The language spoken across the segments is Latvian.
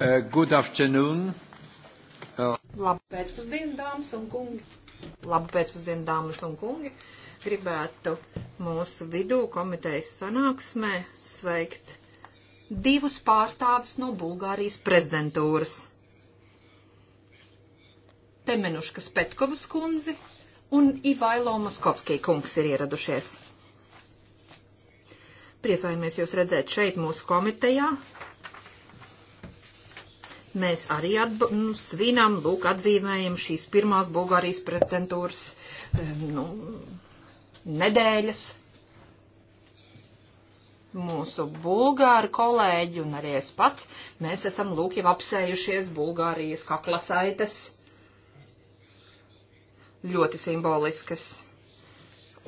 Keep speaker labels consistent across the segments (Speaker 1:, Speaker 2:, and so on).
Speaker 1: Uh, good afternoon. Uh. Labu pēcpusdienu, dāmas un kungi. Labu pēcpusdienu, dāmas un kungi. Gribētu mūsu vidū komitejas sanāksmē sveikt divus pārstāvis no Bulgārijas prezidentūras. Temenuškas Petkovas kundzi un Ivailo Moskovskī kungs ir ieradušies. Priecājamies jūs redzēt šeit mūsu komitejā mēs arī atba, nu, svinam, lūk, atzīmējam šīs pirmās Bulgārijas prezidentūras eh, nu, nedēļas. Mūsu bulgāri kolēģi un arī es pats, mēs esam lūk jau apsējušies Bulgārijas kaklasaites. Ļoti simboliskas.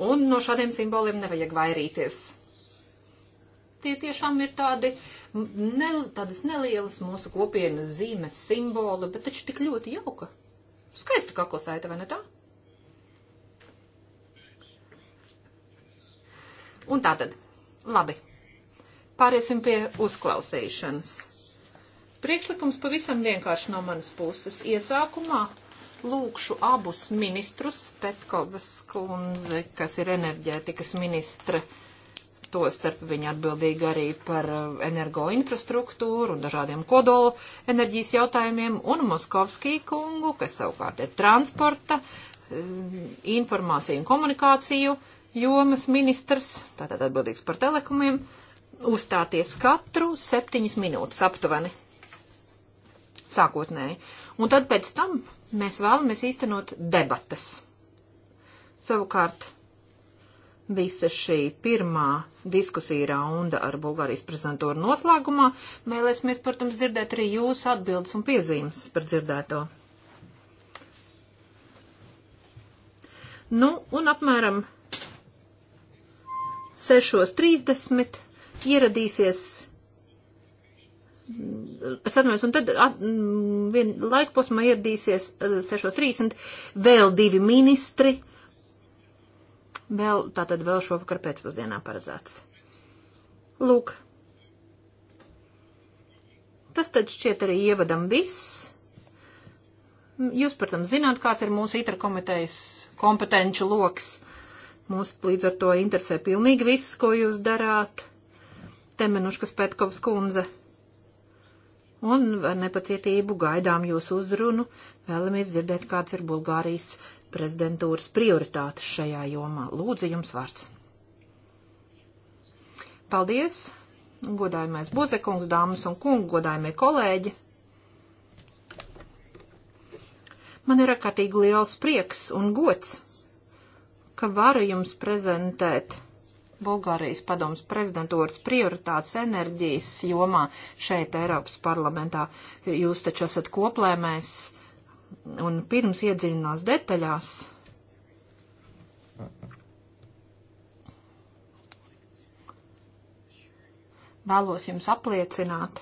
Speaker 1: Un no šādiem simboliem nevajag vairīties tie tiešām ir tādi, ne, tādas nelielas mūsu kopienas zīmes, simboli, bet taču tik ļoti jauka. Skaista kaklasaita, vai ne tā? Un tātad, labi, pāriesim pie uzklausīšanas. Priekšlikums pavisam vienkārši no manas puses. Iesākumā lūkšu abus ministrus, Petkovas kundze, kas ir enerģētikas ministre, uh, to starp viņi atbildīgi arī par uh, energoinfrastruktūru un dažādiem kodola enerģijas jautājumiem, un Moskovskī kungu, kas savukārt ir transporta, um, informāciju un komunikāciju jomas ministrs, tātad atbildīgs par telekomiem, uzstāties katru septiņas minūtes aptuveni sākotnēji. Un tad pēc tam mēs vēlamies īstenot debatas. Savukārt visa šī pirmā diskusija raunda ar Bulgārijas prezidentūru noslēgumā. Vēlēsimies, protams, dzirdēt arī jūsu atbildes un piezīmes par dzirdēto. Nu, un apmēram 6.30 ieradīsies. Es atceros, un tad at, mm, vienā laikposmā ieradīsies 6.30 eh, vēl divi ministri Vēl, tātad vēl šovakar pēcpusdienā paredzēts. Lūk. Tas tad šķiet arī ievadam viss. Jūs, protams, zināt, kāds ir mūsu itra komitejas kompetenču loks. Mūs līdz ar to interesē pilnīgi viss, ko jūs darāt. Temenuškas Petkovs kundze un ar nepacietību gaidām jūsu uzrunu, vēlamies dzirdēt, kāds ir Bulgārijas prezidentūras prioritātes šajā jomā. Lūdzu, jums vārds. Paldies, godājumais Buzekungs, dāmas un kungi, godājumie kolēģi. Man ir akatīgi liels prieks un gods, ka varu jums prezentēt Bulgārijas padomas prezidentūras prioritātes enerģijas jomā šeit Eiropas parlamentā. Jūs taču esat koplēmēs un pirms iedziļinās detaļās. Vēlos jums apliecināt,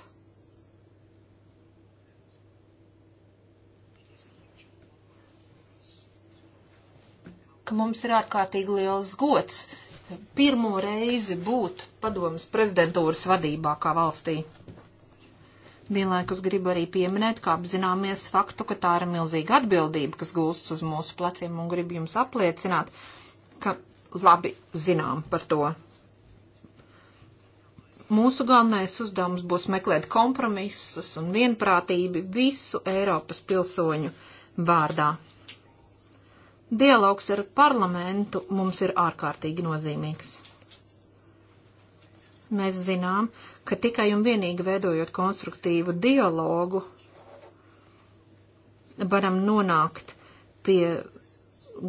Speaker 1: ka mums ir ārkārtīgi liels gods pirmo reizi būt padomas prezidentūras vadībā kā valstī. Vienlaikus gribu arī pieminēt, kā apzināmies faktu, ka tā ir milzīga atbildība, kas gūsts uz mūsu pleciem, un gribu jums apliecināt, ka labi zinām par to. Mūsu galvenais uzdevums būs meklēt kompromisus un vienprātību visu Eiropas pilsoņu vārdā. Dialogs ar parlamentu mums ir ārkārtīgi nozīmīgs. Mēs zinām, ka tikai un vienīgi veidojot konstruktīvu dialogu varam nonākt pie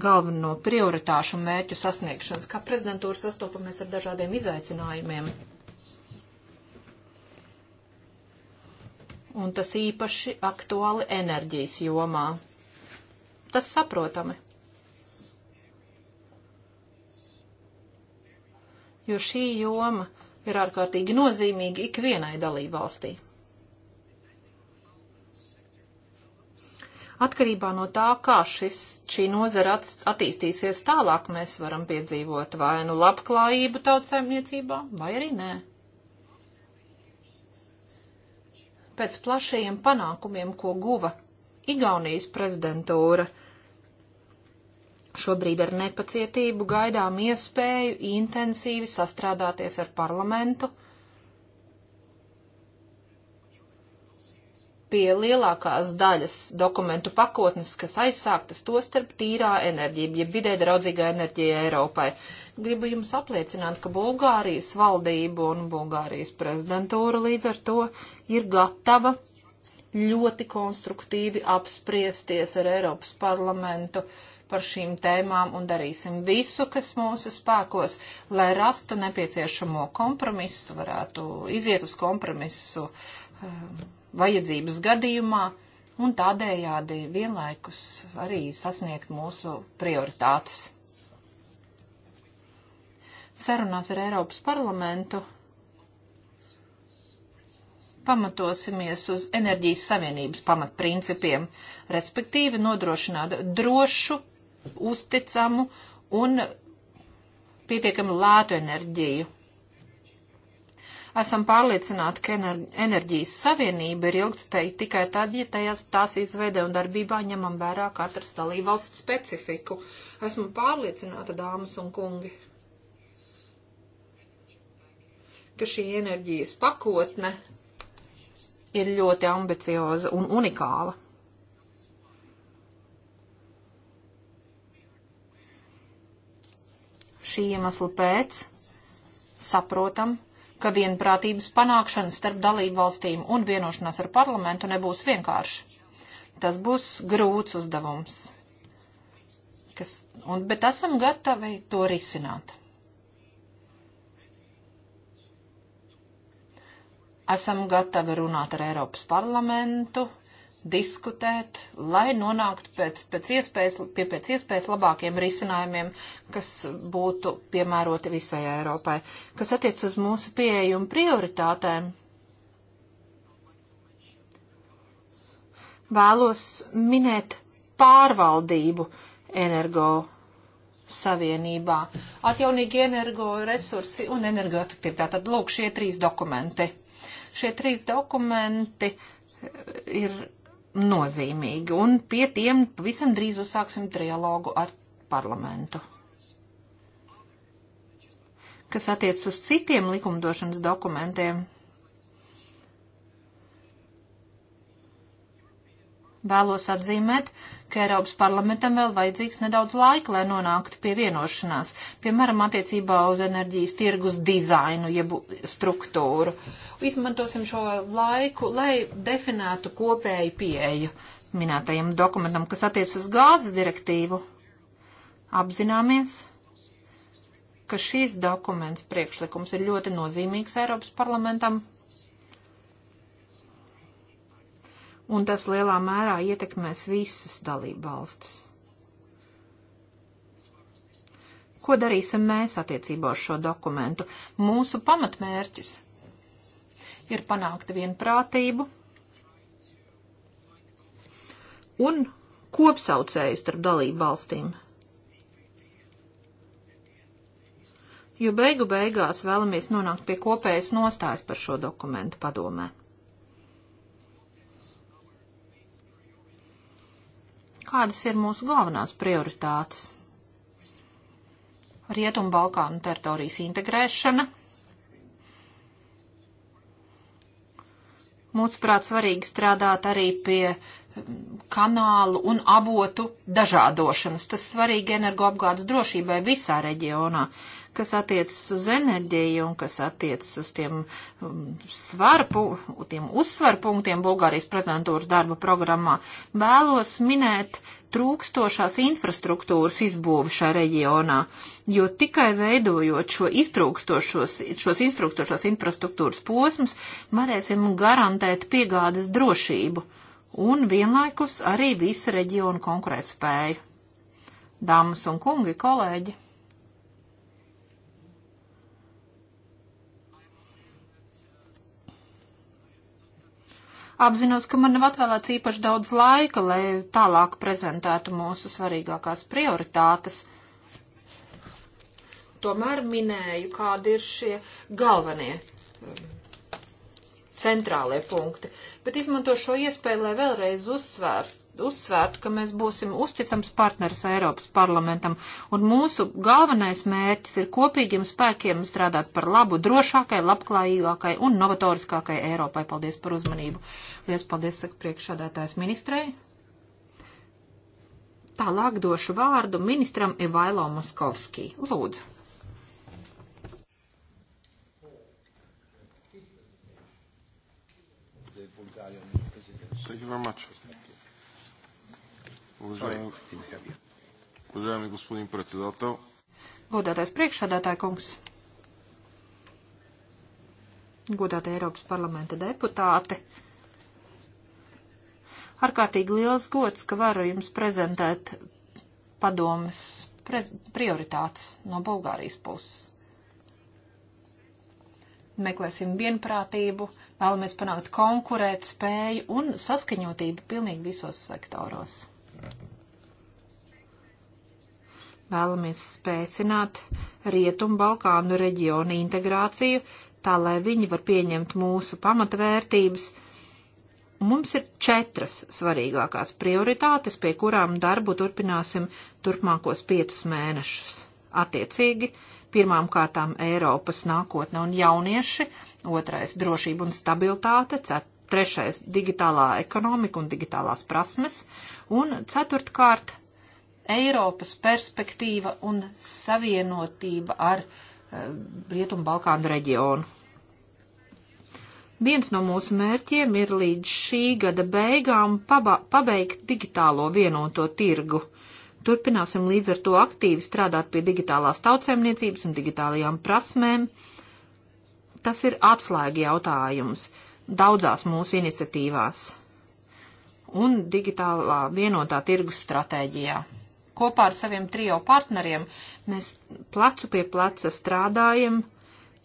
Speaker 1: galveno prioritāšu un mērķu sasniegšanas. Kā prezidentūra sastopamies ar dažādiem izaicinājumiem. Un tas īpaši aktuāli enerģijas jomā. Tas saprotami. Jo šī joma ir ārkārtīgi nozīmīgi ikvienai dalību valstī. Atkarībā no tā, kā šis, šī nozara attīstīsies tālāk, mēs varam piedzīvot vai nu labklājību tautsēmniecībā, vai arī nē. Pēc plašajiem panākumiem, ko guva Igaunijas prezidentūra, Šobrīd ar nepacietību gaidām iespēju intensīvi sastrādāties ar parlamentu pie lielākās daļas dokumentu pakotnes, kas aizsāktas to starp tīrā enerģija, jeb vidē draudzīgā enerģija Eiropai. Gribu jums apliecināt, ka Bulgārijas valdība un Bulgārijas prezidentūra līdz ar to ir gatava ļoti konstruktīvi apspriesties ar Eiropas parlamentu uh, par šīm tēmām un darīsim visu, kas mūsu spēkos, lai rastu nepieciešamo kompromisu, varētu iziet uz kompromisu um, vajadzības gadījumā un tādējādi vienlaikus arī sasniegt mūsu prioritātes. Sarunās ar Eiropas parlamentu pamatosimies uz enerģijas savienības pamatprincipiem, respektīvi nodrošināt drošu, uzticamu un pietiekami lētu enerģiju. Esam pārliecināti, ka enerģijas savienība ir ilgspēja tikai tad, ja tajās, tās izveidē un darbībā ņemam vērā katras dalībvalsts specifiku. Esmu pārliecināta, dāmas un kungi, ka šī enerģijas pakotne ir ļoti ambicioza un unikāla. Šī iemesla pēc saprotam, ka vienprātības panākšana starp dalību valstīm un vienošanās ar parlamentu nebūs vienkārši. Tas būs grūts uzdevums. Kas, un, bet esam gatavi to risināt. Esam gatavi runāt ar Eiropas parlamentu, uh, diskutēt, lai nonāktu pēc, pēc iespējas, pie pēc iespējas labākiem risinājumiem, kas būtu piemēroti visai Eiropai. Kas attiec uz mūsu pieeju un prioritātēm, vēlos minēt pārvaldību energo savienībā, atjaunīgi energo resursi un energoefektivitāte. Tad lūk šie trīs dokumenti. Šie trīs dokumenti ir nozīmīgi, un pie tiem pavisam drīz uzsāksim trialogu ar parlamentu. Kas attiec uz citiem likumdošanas dokumentiem, vēlos atzīmēt, ka Eiropas parlamentam vēl vajadzīgs nedaudz laika, lai nonāktu pie vienošanās, piemēram, attiecībā uz enerģijas tirgus dizainu, jeb struktūru. Izmantosim šo laiku, lai definētu kopēju pieeju minētajam dokumentam, kas attiec uz gāzes direktīvu. Apzināmies, ka šīs dokuments priekšlikums ir ļoti nozīmīgs Eiropas parlamentam un tas lielā mērā ietekmēs visas dalību valstis. Ko darīsim mēs attiecībā ar šo dokumentu? Mūsu pamatmērķis ir panākt vienprātību un kopsaucēju starp dalību valstīm. Jo beigu beigās vēlamies nonākt pie kopējas nostājas par šo dokumentu padomē. kādas ir mūsu galvenās prioritātes. Rietumu Balkānu teritorijas integrēšana. Mūsuprāt, svarīgi strādāt arī pie um, kanālu un avotu dažādošanas. Tas svarīgi energoapgādes drošībai visā reģionā. Uh, kas attiecas uz enerģiju un kas attiecas uz tiem um, svaru, tiem uzsvaru punktiem Bulgārijas pretendentūras darba programmā, vēlos minēt trūkstošās infrastruktūras izbūvi šajā reģionā, jo tikai veidojot šo iztrūkstošos, šos iztrūkstošos infrastruktūras posmus, varēsim garantēt piegādes drošību un vienlaikus arī visa reģiona konkurētspēju. Dāmas un kungi, kolēģi! Apzinos, ka man nav atvēlēts īpaši daudz laika, lai tālāk prezentētu mūsu svarīgākās prioritātes. Tomēr minēju, kādi ir šie galvenie um, centrālie punkti, bet izmanto šo iespēju, lai vēlreiz uzsvērtu uzsvērtu, ka mēs būsim uzticams partners Eiropas parlamentam, un mūsu galvenais mērķis ir kopīgiem spēkiem strādāt par labu, drošākai, labklājīgākai un novatoriskākai Eiropai. Paldies par uzmanību. Lies paldies, saka priekšādātājs ministrei. Tālāk došu vārdu ministram Ivailo Muskovskī. Lūdzu. Thank you very much.
Speaker 2: Уважаеми, уважаеми господин председател.
Speaker 1: Godātais priekšsādātāja kungs. Godātie Eiropas parlamenta deputāti. Ārkārtīgi liels gods, ka varu jums prezentēt padomas prez prioritātes no Bulgārijas puses. Meklēsim vienprātību, vēlamies panākt konkurēt spēju un saskaņotību pilnīgi visos sektoros. Vēlamies spēcināt Rietumu Balkānu reģionu integrāciju, tā lai viņi var pieņemt mūsu pamatvērtības. Mums ir četras svarīgākās prioritātes, pie kurām darbu turpināsim turpmākos piecus mēnešus. Attiecīgi, pirmām kārtām Eiropas nākotne un jaunieši, otrais - drošība un stabilitāte, cet, trešais - digitālā ekonomika un digitālās prasmes, un ceturtkārt Eiropas perspektīva un savienotība ar eh, Rietumu Balkānu reģionu. Viens no mūsu mērķiem ir līdz šī gada beigām paba, pabeigt digitālo vienoto tirgu. Turpināsim līdz ar to aktīvi strādāt pie digitālās tautsēmniecības un digitālajām prasmēm. Tas ir atslēgi jautājums daudzās mūsu iniciatīvās un digitālā vienotā tirgus stratēģijā kopā ar saviem trijo partneriem mēs plecu pie pleca strādājam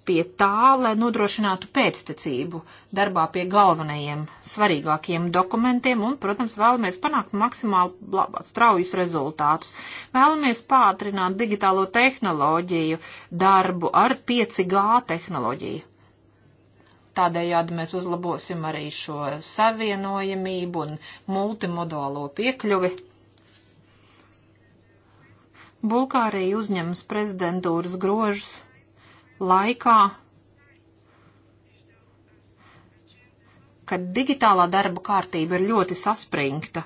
Speaker 1: pie tā, lai nodrošinātu pēctecību darbā pie galvenajiem, svarīgākiem dokumentiem un, protams, vēlamies panākt maksimāli labā, straujus rezultātus. Vēlamies pātrināt digitālo tehnoloģiju darbu ar 5G tehnoloģiju. Tādējādi mēs uzlabosim arī šo savienojamību un multimodālo piekļuvi Bulgārija uzņemas prezidentūras grožus laikā, kad digitālā darba kārtība ir ļoti saspringta.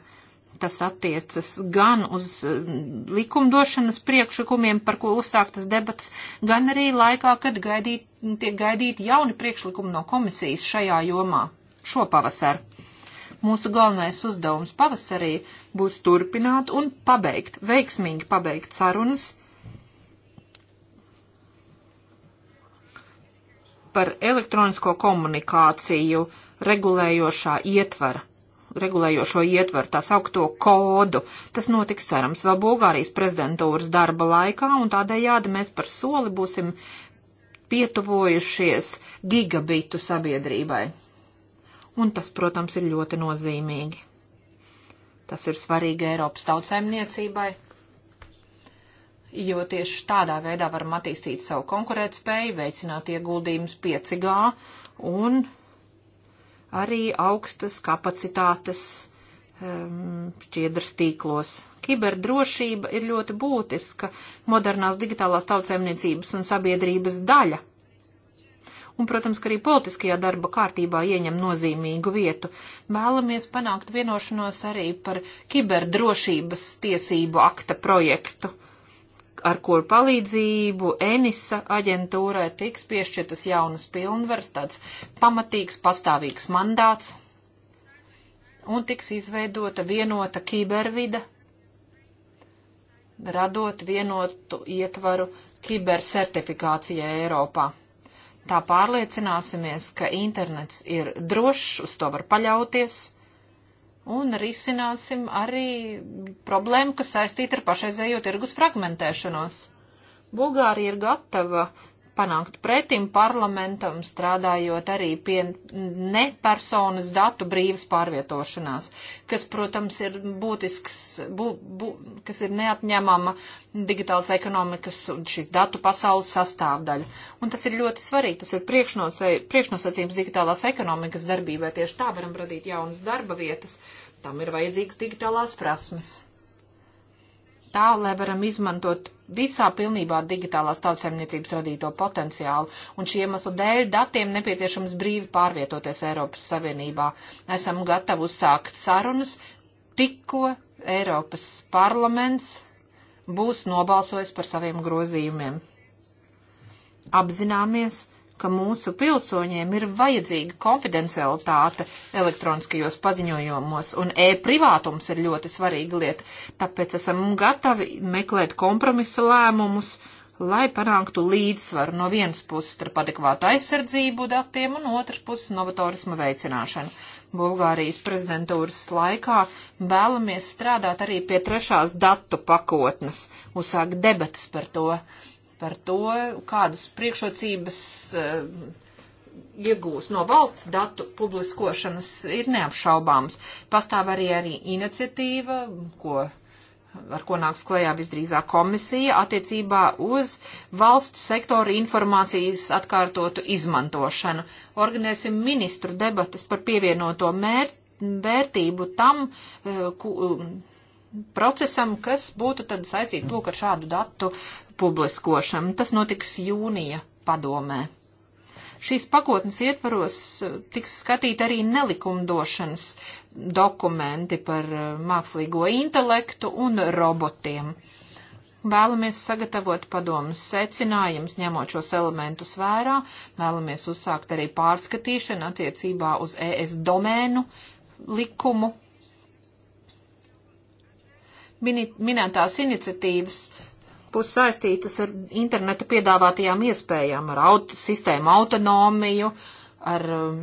Speaker 1: Tas attiecas gan uz eh, likumdošanas priekšlikumiem, par ko uzsāktas debatas, gan arī laikā, kad gaidīt, tiek gaidīti jauni priekšlikumi no komisijas šajā jomā šo pavasaru. Mūsu galvenais uzdevums pavasarī būs turpināt un pabeigt, veiksmīgi pabeigt sarunas par elektronisko komunikāciju regulējošā ietvara regulējošo ietvaru, tā saukto kodu. Tas notiks, cerams, vēl Bulgārijas prezidentūras darba laikā, un tādējādi mēs par soli būsim pietuvojušies gigabitu sabiedrībai un tas, protams, ir ļoti nozīmīgi. Tas ir svarīgi Eiropas tautsēmniecībai, jo tieši tādā veidā varam attīstīt savu konkurētspēju, veicināt ieguldījumus 5G un arī augstas kapacitātes ehm, šķiedras tīklos. Kiberdrošība ir ļoti būtiska modernās digitālās tautsēmniecības un sabiedrības daļa un, protams, ka arī politiskajā darba kārtībā ieņem nozīmīgu vietu. Vēlamies panākt vienošanos arī par kiberdrošības tiesību akta projektu ar kuru palīdzību Enisa aģentūrai tiks piešķirtas jaunas pilnvaras, tāds pamatīgs, pastāvīgs mandāts, un tiks izveidota vienota kibervida, radot vienotu ietvaru kibersertifikācijai Eiropā tā pārliecināsimies, ka internets ir drošs, uz to var paļauties, un risināsim arī problēmu, kas saistīta ar pašreizējo tirgus fragmentēšanos. Bulgārija ir gatava uh, panākt pretim parlamentam, strādājot arī pie nepersonas datu brīvas pārvietošanās, kas, protams, ir būtisks, bū, bū, kas ir neatņemama digitālas ekonomikas un šīs datu pasaules sastāvdaļa. Un tas ir ļoti svarīgi, tas ir priekšnosacījums digitālās ekonomikas darbībai, tieši tā varam radīt jaunas darba vietas, tam ir vajadzīgas digitālās prasmes tā, lai varam izmantot visā pilnībā digitālās tautsēmniecības radīto potenciālu, un šī iemesla dēļ datiem nepieciešams brīvi pārvietoties Eiropas Savienībā. Esam gatavi uzsākt sarunas, tikko Eiropas parlaments būs nobalsojis par saviem grozījumiem. Apzināmies, ka mūsu pilsoņiem ir vajadzīga konfidencialitāte elektroniskajos paziņojumos, un e-privātums ir ļoti svarīga lieta, tāpēc esam gatavi meklēt kompromisa lēmumus, lai panāktu līdzsvaru no vienas puses starp adekvātu aizsardzību datiem un otras puses novatorisma veicināšanu. Bulgārijas prezidentūras laikā vēlamies strādāt arī pie trešās datu pakotnes, uzsākt debatas par to par to, kādas priekšrocības eh, iegūs no valsts datu publiskošanas, ir neapšaubāms. Pastāv arī, arī iniciatīva, ko ar ko nāks klajā visdrīzāk komisija attiecībā uz valsts sektora informācijas atkārtotu izmantošanu. Organizēsim ministru debatas par pievienoto mēr, vērtību tam, eh, ku, procesam, kas būtu tad saistīti lūk ar šādu datu publiskošanu. Tas notiks jūnija padomē. Šīs pakotnes ietvaros eh, tiks skatīt arī nelikumdošanas dokumenti par eh, mākslīgo intelektu un robotiem. Vēlamies sagatavot padomus secinājumus, ņemot šos elementus vērā, vēlamies uzsākt arī pārskatīšanu attiecībā uz ES domēnu likumu minētās iniciatīvas būs saistītas ar interneta piedāvātajām iespējām, ar auto, sistēmu autonomiju, ar um,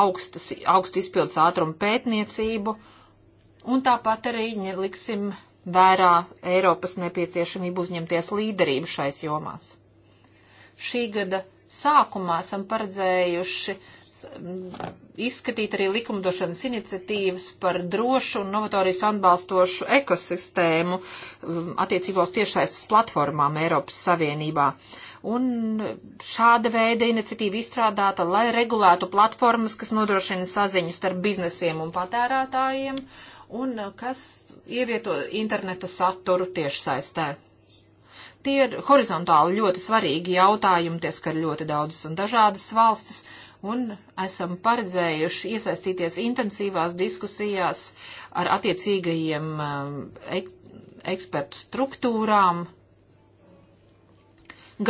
Speaker 1: augstas, augstu izpildus ātrumu pētniecību, un tāpat arī liksim vērā Eiropas nepieciešamību uzņemties līderību šais jomās. Šī gada sākumā esam paredzējuši uh, izskatīt arī likumdošanas iniciatīvas par drošu un novatorijas atbalstošu ekosistēmu um, attiecībā uz tiešsaistes platformām Eiropas Savienībā. Un šāda veida iniciatīva izstrādāta, lai regulētu platformas, kas nodrošina saziņu starp biznesiem un patērētājiem, un uh, kas ievieto interneta saturu tiešsaistē tie ir horizontāli ļoti svarīgi jautājumi, tie skar ļoti daudzas un dažādas valstis, un esam paredzējuši iesaistīties intensīvās diskusijās ar attiecīgajiem um, ek ekspertu struktūrām,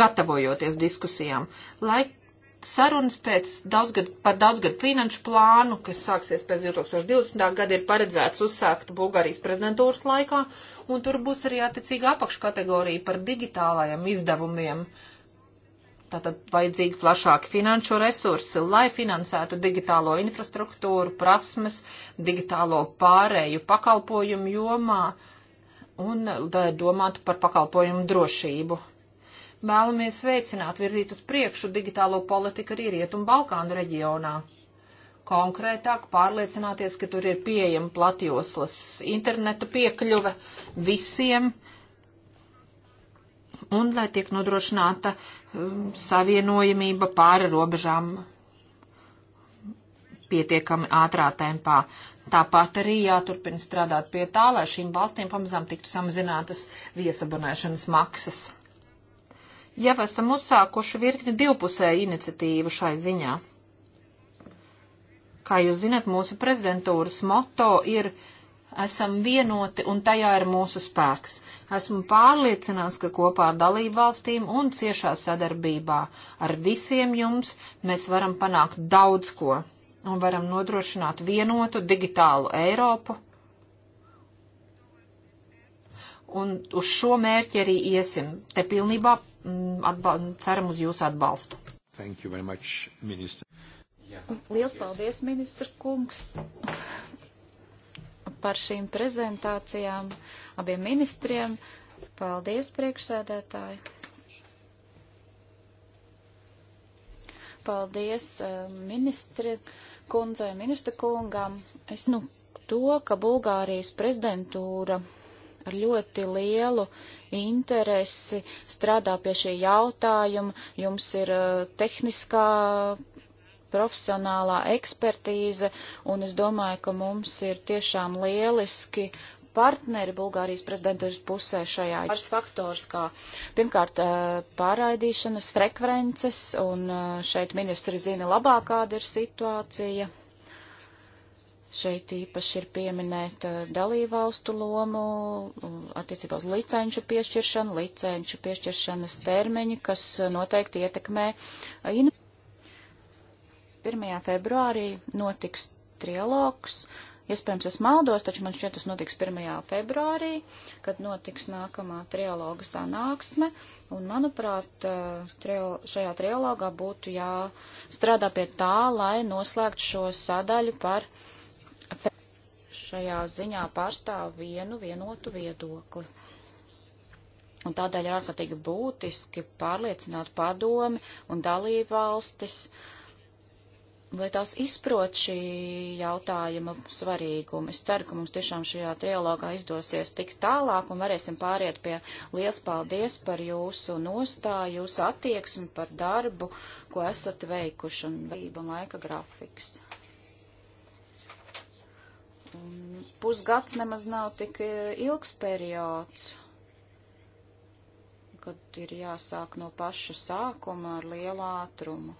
Speaker 1: gatavojoties diskusijām, lai sarunas pēc daudzgad, par daudzgadu finanšu plānu, kas sāksies pēc 2020. gada, ir paredzēts uzsākt Bulgārijas prezidentūras laikā, un tur būs arī attiecīga apakškategorija par digitālajiem izdevumiem. Uh, Tātad vajadzīgi plašāki finanšu resursi, lai finansētu digitālo infrastruktūru, prasmes, digitālo pārēju pakalpojumu jomā un domātu par pakalpojumu drošību. Vēlamies veicināt, virzīt uz priekšu digitālo politiku arī Rietumu Balkānu reģionā. Konkrētāk pārliecināties, ka tur ir pieejama platjoslas interneta piekļuve visiem, uh, un lai tiek nodrošināta um, savienojamība pāri robežām pietiekami ātrā tempā. Tāpat arī jāturpina strādāt pie tā, lai šīm valstīm pamazām tiktu samazinātas viesabonēšanas maksas. Jau esam uzsākuši virkni divpusēju iniciatīvu šai ziņā. Kā jūs zinat, mūsu prezidentūras moto ir uh, esam vienoti un tajā ir mūsu spēks. Esmu pārliecināts, ka kopā ar dalību valstīm un ciešā sadarbībā ar visiem jums mēs varam panākt daudz ko un varam nodrošināt vienotu digitālu Eiropu. Un uz šo mērķi arī iesim. Te pilnībā mm, ceram uz jūsu atbalstu. Thank you very much, minister.
Speaker 3: Yeah. Liels paldies, ministra kungs par šīm prezentācijām abiem ministriem. Paldies, priekšsēdētāji! Paldies eh, ministri kundzei, ministra kungam. Es nu to, ka Bulgārijas prezidentūra ar ļoti lielu interesi strādā pie šī jautājuma. Jums ir eh, tehniskā profesionālā ekspertīze, un es domāju, ka mums ir tiešām lieliski partneri Bulgārijas prezidentūras pusē šajā pāris faktors, kā pirmkārt pārraidīšanas frekvences, un šeit ministri zina labāk, kāda ir situācija. Šeit īpaši ir pieminēta dalībvalstu lomu attiecībā uz licenču piešķiršanu, licenču piešķiršanas termiņu, kas noteikti ietekmē. In 1. februārī notiks trialogs. Iespējams, es maldos, taču man šķiet, tas notiks 1. februārī, kad notiks nākamā trialoga sanāksme. Un, manuprāt, eh, trio, šajā trialogā būtu jāstrādā pie tā, lai noslēgtu šo sadaļu par šajā ziņā pārstāv vienu vienotu viedokli. Un tādēļ ir ārkārtīgi būtiski pārliecināt padomi un dalību valstis. Uh, lai tās izprot šī jautājuma svarīgumu. Es ceru, ka mums tiešām šajā trialogā izdosies tik tālāk un varēsim pāriet pie liels paldies par jūsu nostāju, jūsu attieksmi par darbu, ko esat veikuši un vība laika grafiks. Un pusgads nemaz nav tik ilgs periods kad ir jāsāk no paša sākuma ar lielu ātrumu.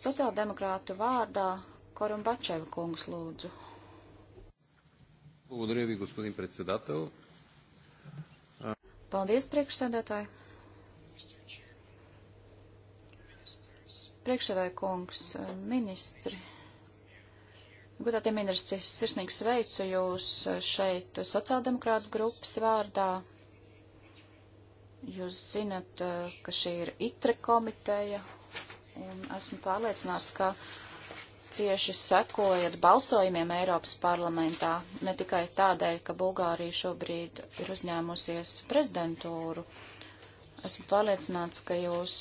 Speaker 3: Sociāldemokrātu vārdā Korumbačeva kungs lūdzu.
Speaker 1: Благодаря ви, господин председател.
Speaker 3: Paldies, priekšsēdētāji. Priekšsēdētāji kungs, ministri. Godātie ministri, sirsnīgi sveicu jūs šeit sociāldemokrātu grupas vārdā. Jūs zinat, ka šī ir ITRE komiteja, un esmu pārliecināts, ka cieši sekojat balsojumiem Eiropas parlamentā, ne tikai tādēļ, ka Bulgārija šobrīd ir uzņēmusies prezidentūru. Esmu pārliecināts, ka jūs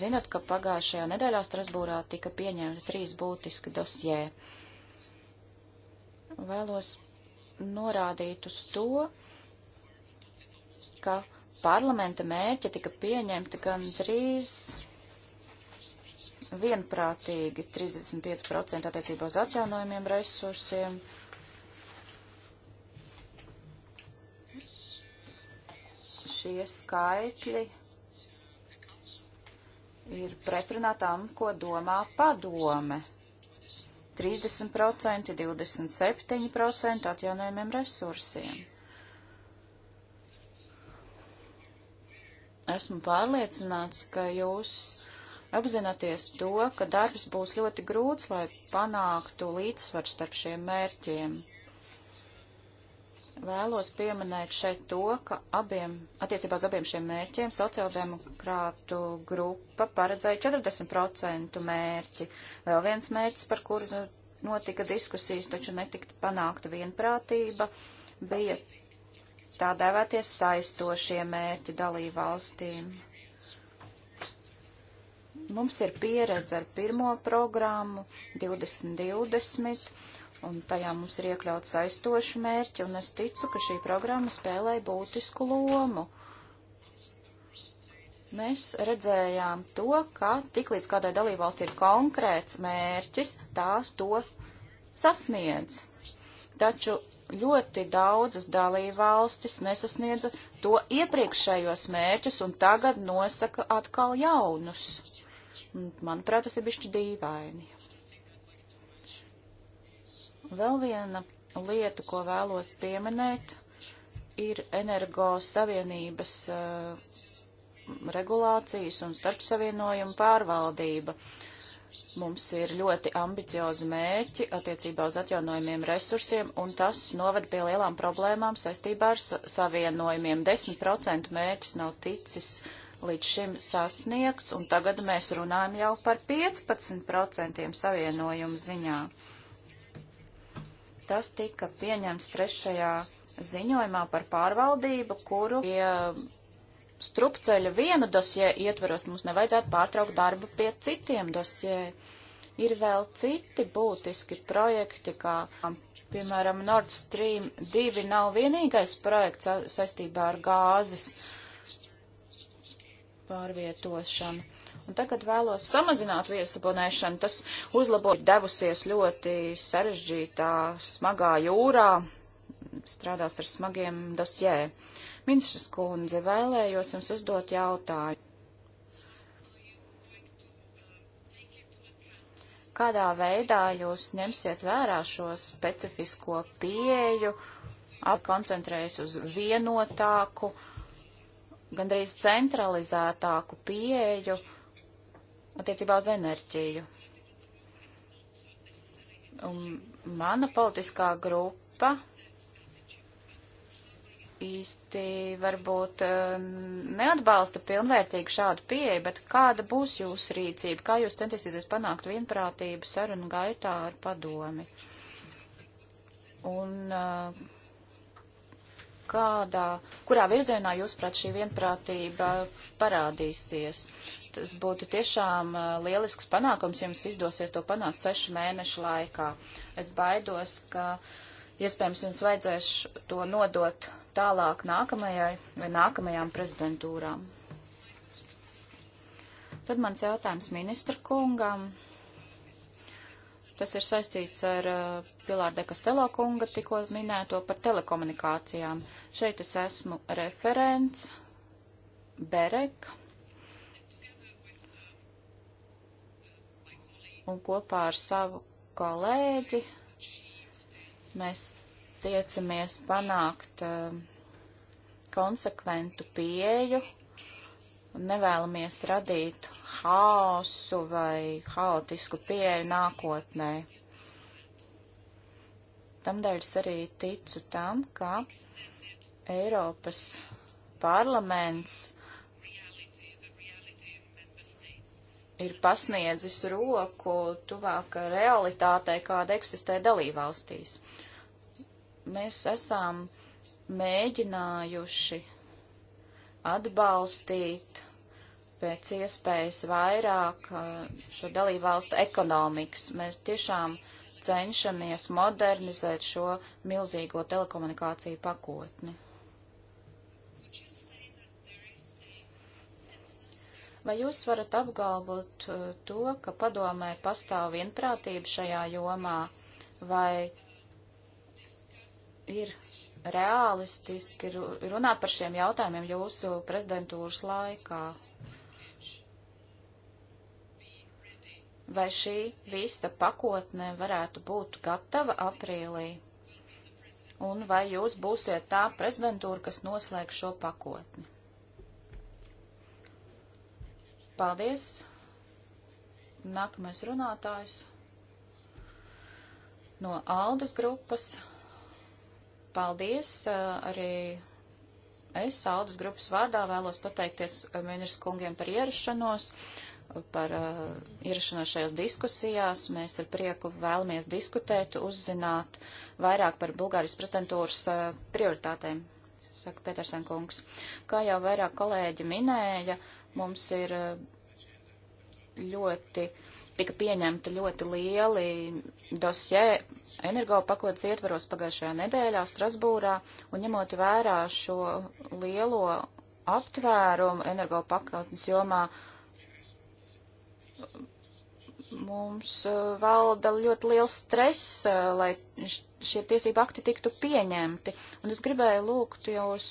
Speaker 3: zinat, ka pagājušajā nedēļā Strasbūrā tika pieņemti trīs būtiski dosjē. Vēlos norādīt uz to, ka parlamenta mērķi tika pieņemti gan drīz vienprātīgi 35% attiecībā uz atjaunojumiem resursiem. Šie skaitļi ir pretrunā tam, ko domā padome. 30%, 27% atjaunojumiem resursiem. Esmu pārliecināts, ka jūs apzinoties to, ka darbs būs ļoti grūts, lai panāktu līdzsvaru starp šiem mērķiem. Vēlos pieminēt šeit to, ka abiem, attiecībā uz abiem šiem mērķiem sociāldemokrātu grupa paredzēja 40% mērķi. Vēl viens mērķis, par kuru notika diskusijas, taču netika panākta vienprātība, bija tā dēvēties saistošie mērķi dalību valstīm. Mums ir pieredze ar pirmo programmu 2020, un tajā mums ir iekļauts saistoši mērķi, un es ticu, ka šī programma spēlē būtisku lomu. Mēs redzējām to, ka tiklīdz kādai dalībvalsts ir konkrēts mērķis, tā to sasniedz. Taču ļoti daudzas dalībvalstis nesasniedza to iepriekšējos mērķus un tagad nosaka atkal jaunus. Manuprāt, tas ir bišķi dīvaini. Vēl viena lieta, ko vēlos pieminēt, ir energo savienības uh, eh, regulācijas un starpsavienojuma pārvaldība. Mums ir ļoti ambiciozi mērķi attiecībā uz atjaunojumiem resursiem, un tas noved pie lielām problēmām saistībā ar savienojumiem. 10% mērķis nav ticis uh, līdz šim sasniegts, un tagad mēs runājam jau par 15% savienojumu ziņā. Tas tika pieņemts trešajā ziņojumā par pārvaldību, kuru pie strupceļa viena dosie ietveros mums nevajadzētu pārtraukt darbu pie citiem dosie. Ir vēl citi būtiski projekti, kā piemēram Nord Stream 2 nav vienīgais projekts saistībā ar gāzes pārvietošanu. Un tagad vēlos samazināt viesabonēšanu. Tas uzlabot devusies ļoti sarežģītā, smagā jūrā, strādās ar smagiem dosjē. Ministrs kundze, vēlējos jums uzdot jautājumu. kādā veidā jūs ņemsiet vērā šo specifisko pieeju, koncentrējas uz vienotāku gandrīz centralizētāku pieeju attiecībā uz enerģiju. Un mana politiskā grupa īsti varbūt eh, neatbalsta pilnvērtīgi šādu pieeju, bet kāda būs jūsu rīcība, kā jūs centīsieties panākt vienprātību sarunu gaitā ar padomi? Un uh, kādā, kurā virzienā jūs prāt šī vienprātība parādīsies. Tas būtu tiešām lielisks panākums, ja jums izdosies to panākt sešu mēnešu laikā. Es baidos, ka iespējams jums vajadzēs to nodot tālāk nākamajai vai nākamajām prezidentūrām. Tad mans jautājums ministra kungam. Tas ir saistīts ar uh, Pilāra de Kastelo kunga tikko minēto par telekomunikācijām. Šeit es esmu referents Berek. Un kopā ar savu kolēģi mēs tiecamies panākt uh, konsekventu pieju nevēlamies radīt haosu vai haotisku pieeju nākotnē. Tamdēļ es arī ticu tam, ka Eiropas parlaments ir pasniedzis roku tuvāk realitātei, kāda eksistē dalībvalstīs. Mēs esam mēģinājuši atbalstīt pēc iespējas vairāk uh, šo dalību valstu ekonomikas. Mēs tiešām cenšamies modernizēt šo milzīgo telekomunikāciju pakotni. Vai jūs varat apgalvot uh, to, ka padomē pastāv vienprātība šajā jomā, vai ir reālistiski runāt par šiem jautājumiem jūsu prezidentūras laikā? Vai šī visa pakotne varētu būt gatava aprīlī? Un vai jūs būsiet tā prezidentūra, kas noslēgs šo pakotni? Paldies! Nākamais runātājs no Aldas grupas. Paldies arī es Aldas grupas vārdā vēlos pateikties ministrs kungiem par ierašanos par uh, ierašanos šajās diskusijās. Mēs ar prieku vēlamies diskutēt, uzzināt vairāk par Bulgārijas prezidentūras uh, prioritātēm, saka Petersen kungs. Kā jau vairāk kolēģi minēja, mums ir uh, ļoti, tika pieņemta ļoti lieli dosjē energopakotas ietvaros pagājušajā nedēļā Strasbūrā, un ņemot vērā šo lielo aptvērumu energopakotnes jomā, uh, mums uh, valda ļoti liels stress, uh, lai šie tiesību akti tiktu pieņemti. Un es gribēju lūgt jūs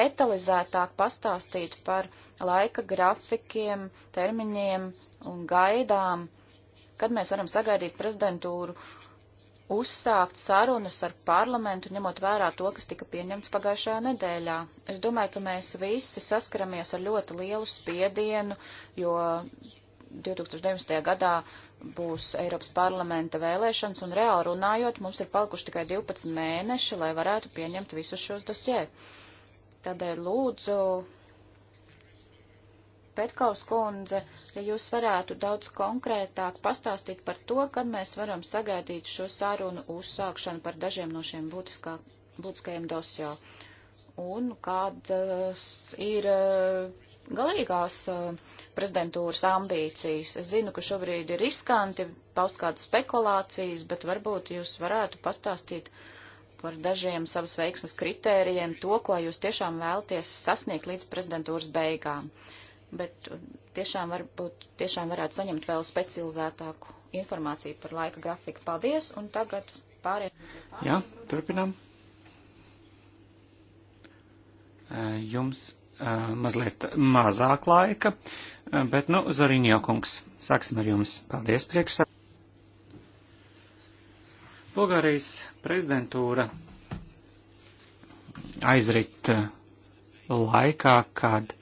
Speaker 3: detalizētāk pastāstīt par laika grafikiem, termiņiem un gaidām, kad mēs varam sagaidīt prezidentūru uzsākt sarunas ar parlamentu, ņemot vērā to, kas tika pieņemts pagājušajā nedēļā. Es domāju, ka mēs visi saskaramies ar ļoti lielu spiedienu, jo 2019. gadā būs Eiropas parlamenta vēlēšanas, un reāli runājot, mums ir palikuši tikai 12 mēneši, lai varētu pieņemt visus šos dosjē. Tādēļ lūdzu, Petkaus kundze, ja jūs varētu daudz konkrētāk pastāstīt par to, kad mēs varam sagaidīt šo sarunu uzsākšanu par dažiem no šiem būtiskā, būtiskajiem dosjā, un kādas ir galīgās eh, prezidentūras ambīcijas. Es zinu, ka šobrīd ir riskanti paust kādas spekulācijas, bet varbūt jūs varētu pastāstīt par dažiem savas veiksmas kritērijiem, to, ko jūs tiešām vēlaties sasniegt līdz prezidentūras beigām. Bet eh, tiešām varbūt tiešām varētu saņemt vēl specializētāku informāciju par laika grafiku. Paldies, un tagad pārējiem.
Speaker 2: Jā, turpinām. Eh, jums mazliet mazāk laika, bet, nu, Zariņo kungs, sāksim ar jums. Paldies priekšsā. Bulgārijas prezidentūra aizrit laikā, kad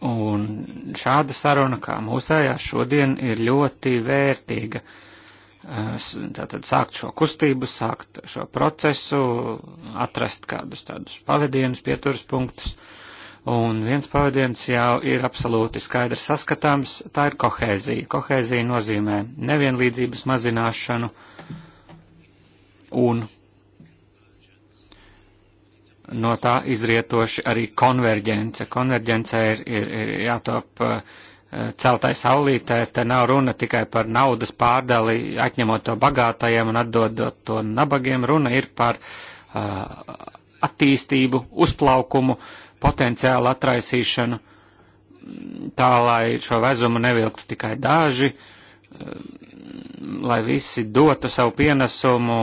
Speaker 2: un šāda saruna kā mūsējā šodien ir ļoti vērtīga. Uh, tātad sākt šo kustību, sākt šo procesu, atrast kādus tādus pavadienus, pieturas punktus. Un viens pavadiens jau ir absolūti skaidrs saskatāms, tā ir kohēzija. Kohēzija nozīmē nevienlīdzības mazināšanu un no tā izrietoši arī konverģence. Konverģence ir, ir, ir jātop uh, celtai saulītē, te nav runa tikai par naudas pārdali, atņemot to bagātajiem un atdodot to nabagiem, runa ir par uh, attīstību, uzplaukumu, potenciālu atraisīšanu, tā lai šo vezumu nevilktu tikai daži, uh, lai visi dotu savu pienesumu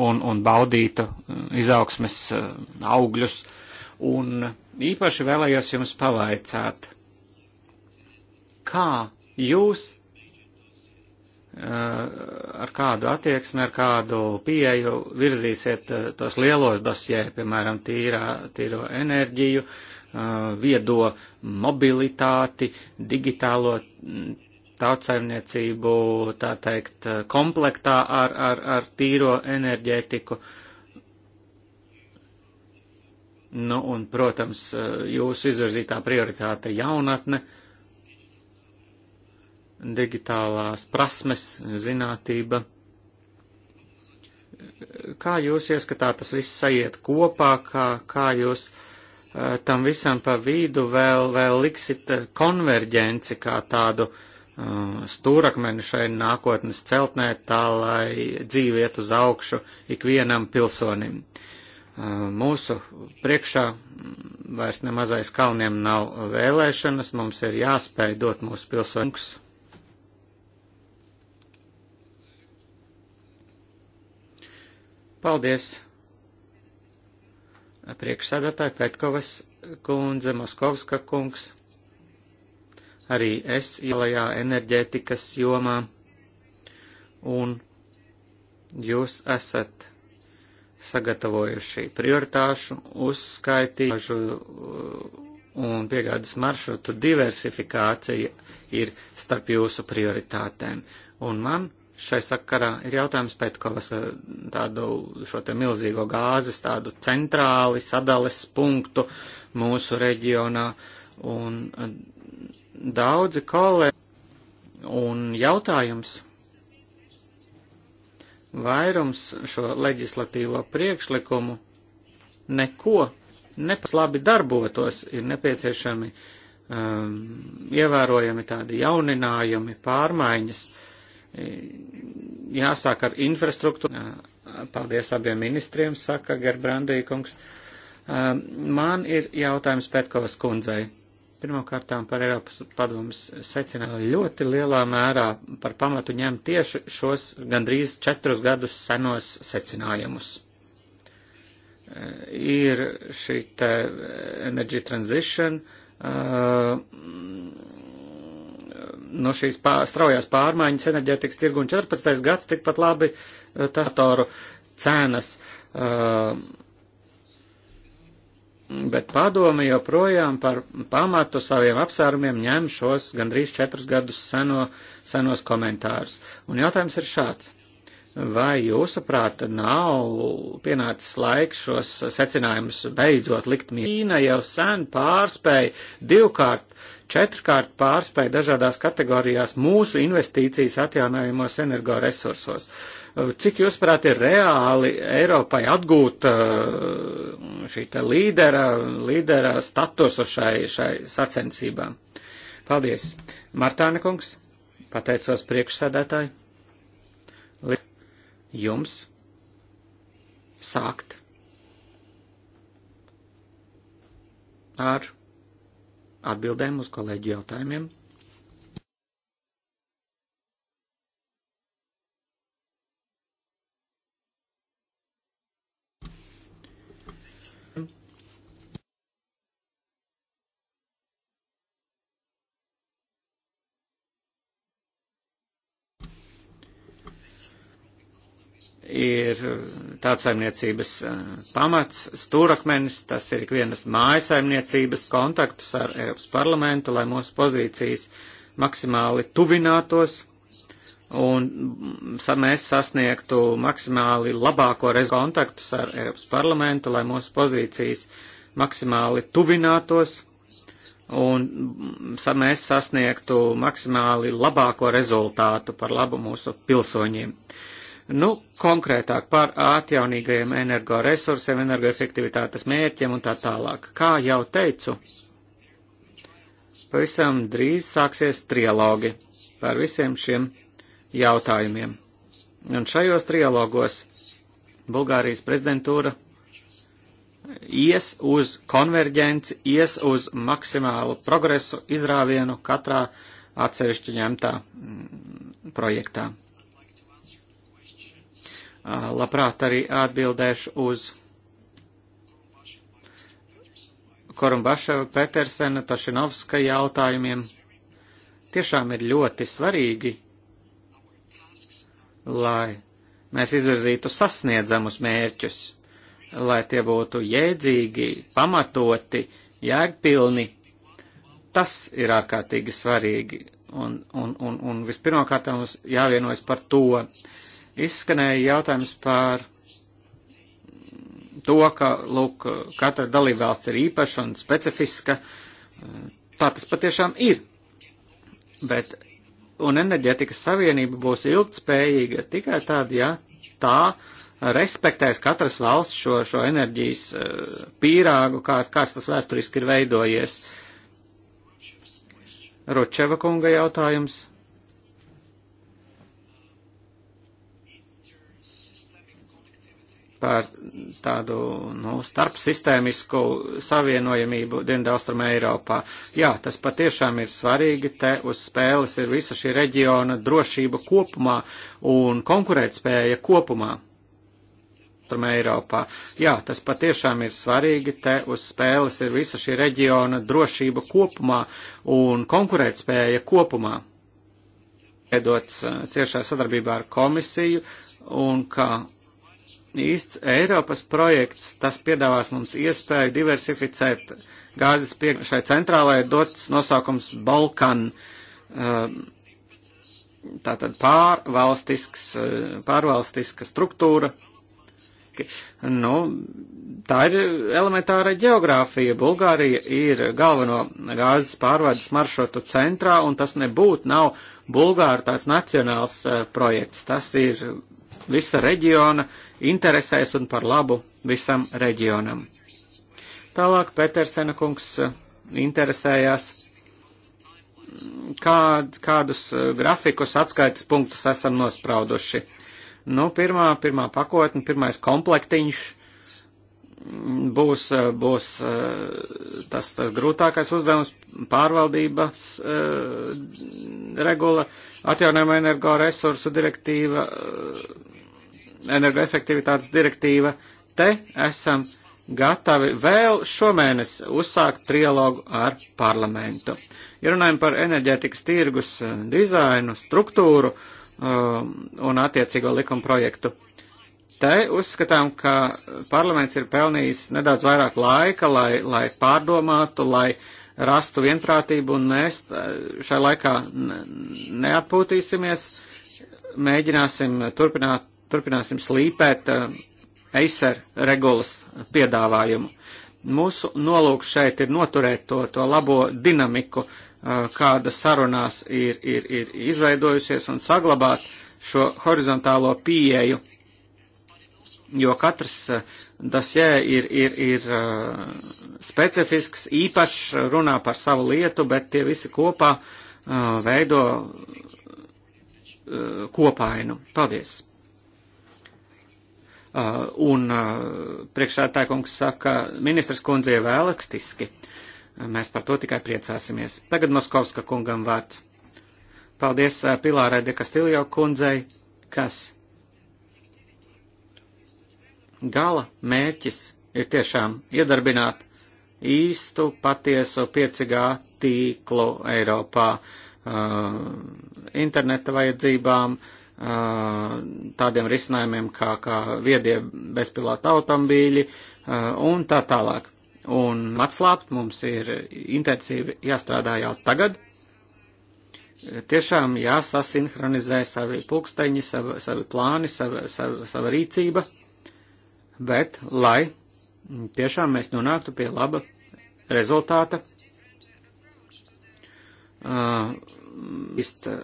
Speaker 2: un, un baudītu izaugsmes augļus. Un īpaši vēlējos jums pavaicāt kā jūs eh, ar kādu attieksmi, ar kādu pieeju virzīsiet eh, tos lielos dosjē, piemēram, tīrā, tīro enerģiju, eh, viedo mobilitāti, digitālo mm, tautsaimniecību, tā teikt, komplektā ar, ar, ar tīro enerģētiku. Nu, un, protams, jūsu izvirzītā prioritāte jaunatne. Uh, digitālās prasmes, zinātība. Kā jūs ieskatāt, tas viss aiziet kopā, kā, kā jūs uh, tam visam pa vidu vēl, vēl liksit eh, konverģenci kā tādu uh, stūrakmeni šai nākotnes celtnē, tā lai dzīve iet uz augšu ikvienam pilsonim. Uh, mūsu priekšā mm, vairs nemazais kalniem nav vēlēšanas, mums ir jāspēj dot mūsu pilsoņus. Paldies! Priekšsēdētāja Petkovas kundze, Moskovska kungs, arī es ielajā enerģētikas jomā, un jūs esat sagatavojuši prioritāšu uzskaitīšu uh, un piegādas maršrutu diversifikācija ir starp jūsu prioritātēm. Un man Šai sakarā ir jautājums pēc kādas eh, tādu šo te milzīgo gāzes, tādu centrāli sadales punktu mūsu reģionā. Un eh, daudzi kolēģi. Un jautājums. Vairums šo leģislatīvo priekšlikumu neko nepas labi darbotos, ir nepieciešami um, ievērojami tādi jauninājumi, pārmaiņas. Eh, jāsāk ar infrastruktūru. Paldies abiem ministriem, saka Gerbrandī kungs. Eh, man ir jautājums Petkovas kundzei. Pirmkārtām par Eiropas padomus secināju ļoti lielā mērā par pamatu ņem tieši šos gandrīz četrus gadus senos secinājumus. Eh, ir šī te energy transition, uh, nu, šīs pār, straujās pārmaiņas enerģētikas tirgu un 14. gads tikpat labi eh, datoru cenas. Uh, bet padome joprojām par pamatu saviem apsvērumiem ņem šos gandrīz četrus gadus seno, senos komentārus. Un jautājums ir šāds. Vai jūsuprāt nav pienācis laiks šos secinājumus beidzot likt mīna jau sen pārspēja divkārt četrkārt pārspēja dažādās kategorijās mūsu investīcijas atjaunojumos energoresursos. Uh, cik jūs prāt ir reāli Eiropai atgūt uh, šī līdera, līdera statusu šai, šai sacensībām? Paldies. Martāne kungs, pateicos priekšsēdētāji. Jums sākt ar atbildēm uz kolēģi jautājumiem. ir uh, tādsaimniecības uh, pamats, stūrakmenis, tas ir ikvienas mājasaimniecības kontaktus ar Eiropas parlamentu, lai mūsu pozīcijas maksimāli tuvinātos un mm, sa mēs sasniegtu maksimāli labāko rezultātu kontaktus ar Eiropas parlamentu, lai mūsu pozīcijas maksimāli tuvinātos un mm, sa mēs sasniegtu maksimāli labāko rezultātu par labu mūsu pilsoņiem. Uh, Nu, konkrētāk par atjaunīgajiem energoresursiem, energoefektivitātes mērķiem un tā tālāk. Kā jau teicu, pavisam drīz sāksies trialogi par visiem šiem jautājumiem. Un šajos trialogos Bulgārijas prezidentūra ies uz konverģenci, ies uz maksimālu progresu izrāvienu katrā atsevišķi ņemtā mm, projektā labprāt arī atbildēšu uz Korumbaševa, Petersena, Tošinovska jautājumiem. Tiešām ir ļoti svarīgi, lai mēs izvirzītu sasniedzamus mērķus, lai tie būtu jēdzīgi, pamatoti, jēgpilni. Tas ir ārkārtīgi svarīgi, un, un, un, un vispirmkārt mums jāvienojas par to. Uh, izskanēja jautājums par to, ka, lūk, katra dalībvalsts ir īpaša un specifiska. Tā tas patiešām ir. Bet, un enerģetikas savienība būs ilgtspējīga tikai tad, ja tā respektēs katras valsts šo, šo enerģijas eh, pīrāgu, kā, kāds tas vēsturiski ir veidojies. Ročeva kunga jautājums. par tādu nu, starpsistēmisku savienojamību Dienvidaustrumē Eiropā. Jā, tas patiešām ir svarīgi, te uz spēles ir visa šī reģiona drošība kopumā un konkurētspēja kopumā. Eiropā. Jā, tas patiešām ir svarīgi, te uz spēles ir visa šī reģiona drošība kopumā un konkurētspēja kopumā veidots uh, ciešā sadarbībā ar komisiju un ka īsts Eiropas projekts, tas piedāvās mums iespēju diversificēt gāzes piegādi. Šai centrālajai dots nosaukums Balkan, um, tātad pārvalstisks, uh, pārvalstiska struktūra. Nu, tā ir elementāra geogrāfija. Bulgārija ir galveno gāzes pārvades maršrutu centrā, un tas nebūtu nav Bulgāra tāds nacionāls uh, projekts. Tas ir visa reģiona uh, interesēs un par labu visam reģionam. Tālāk Petersena kungs eh, interesējās, kād, kādus eh, grafikus atskaites punktus esam nosprauduši. Nu, pirmā, pirmā pakotne, pirmais komplektiņš mm, būs, eh, būs tas, tas grūtākais uzdevums - pārvaldības regula, atjaunojama energoresursu direktīva, energoefektivitātes direktīva, te esam gatavi vēl šomēnes uzsākt trialogu ar parlamentu. Ja runājam par enerģētikas tirgus eh, dizainu, struktūru um, un attiecīgo likuma projektu, te uzskatām, ka parlaments ir pelnījis nedaudz vairāk laika, lai, lai pārdomātu, lai rastu vienprātību, un mēs eh, šai laikā neatpūtīsimies, mēģināsim turpināt turpināsim slīpēt Eiser eh, regulas piedāvājumu. Mūsu nolūks šeit ir noturēt to, to labo dinamiku, eh, kāda sarunās ir, ir, ir izveidojusies un saglabāt šo horizontālo pieeju, jo katrs eh, dasjē ir, ir, ir specifisks, īpašs, runā par savu lietu, bet tie visi kopā veido kopainu. Paldies! Uh, un uh, priekšsētākums saka, ministrs kundze jau vēlakstiski. Uh, mēs par to tikai priecāsimies. Tagad Moskovska kungam vārds. Paldies Pilārai de Kastiljo kundzei, kas gala mērķis ir tiešām iedarbināt īstu patieso 5G tīklu Eiropā uh, interneta vajadzībām, uh, tādiem risinājumiem kā, kā viedie bezpilota automobīļi un tā tālāk. Un atslāpt mums ir intensīvi jāstrādā jau tagad. Tiešām jāsasinhronizē savi pulksteņi, savi, savi plāni, savi, savi, sava rīcība, bet lai tiešām mēs nonāktu pie laba rezultāta, uh, ist, uh,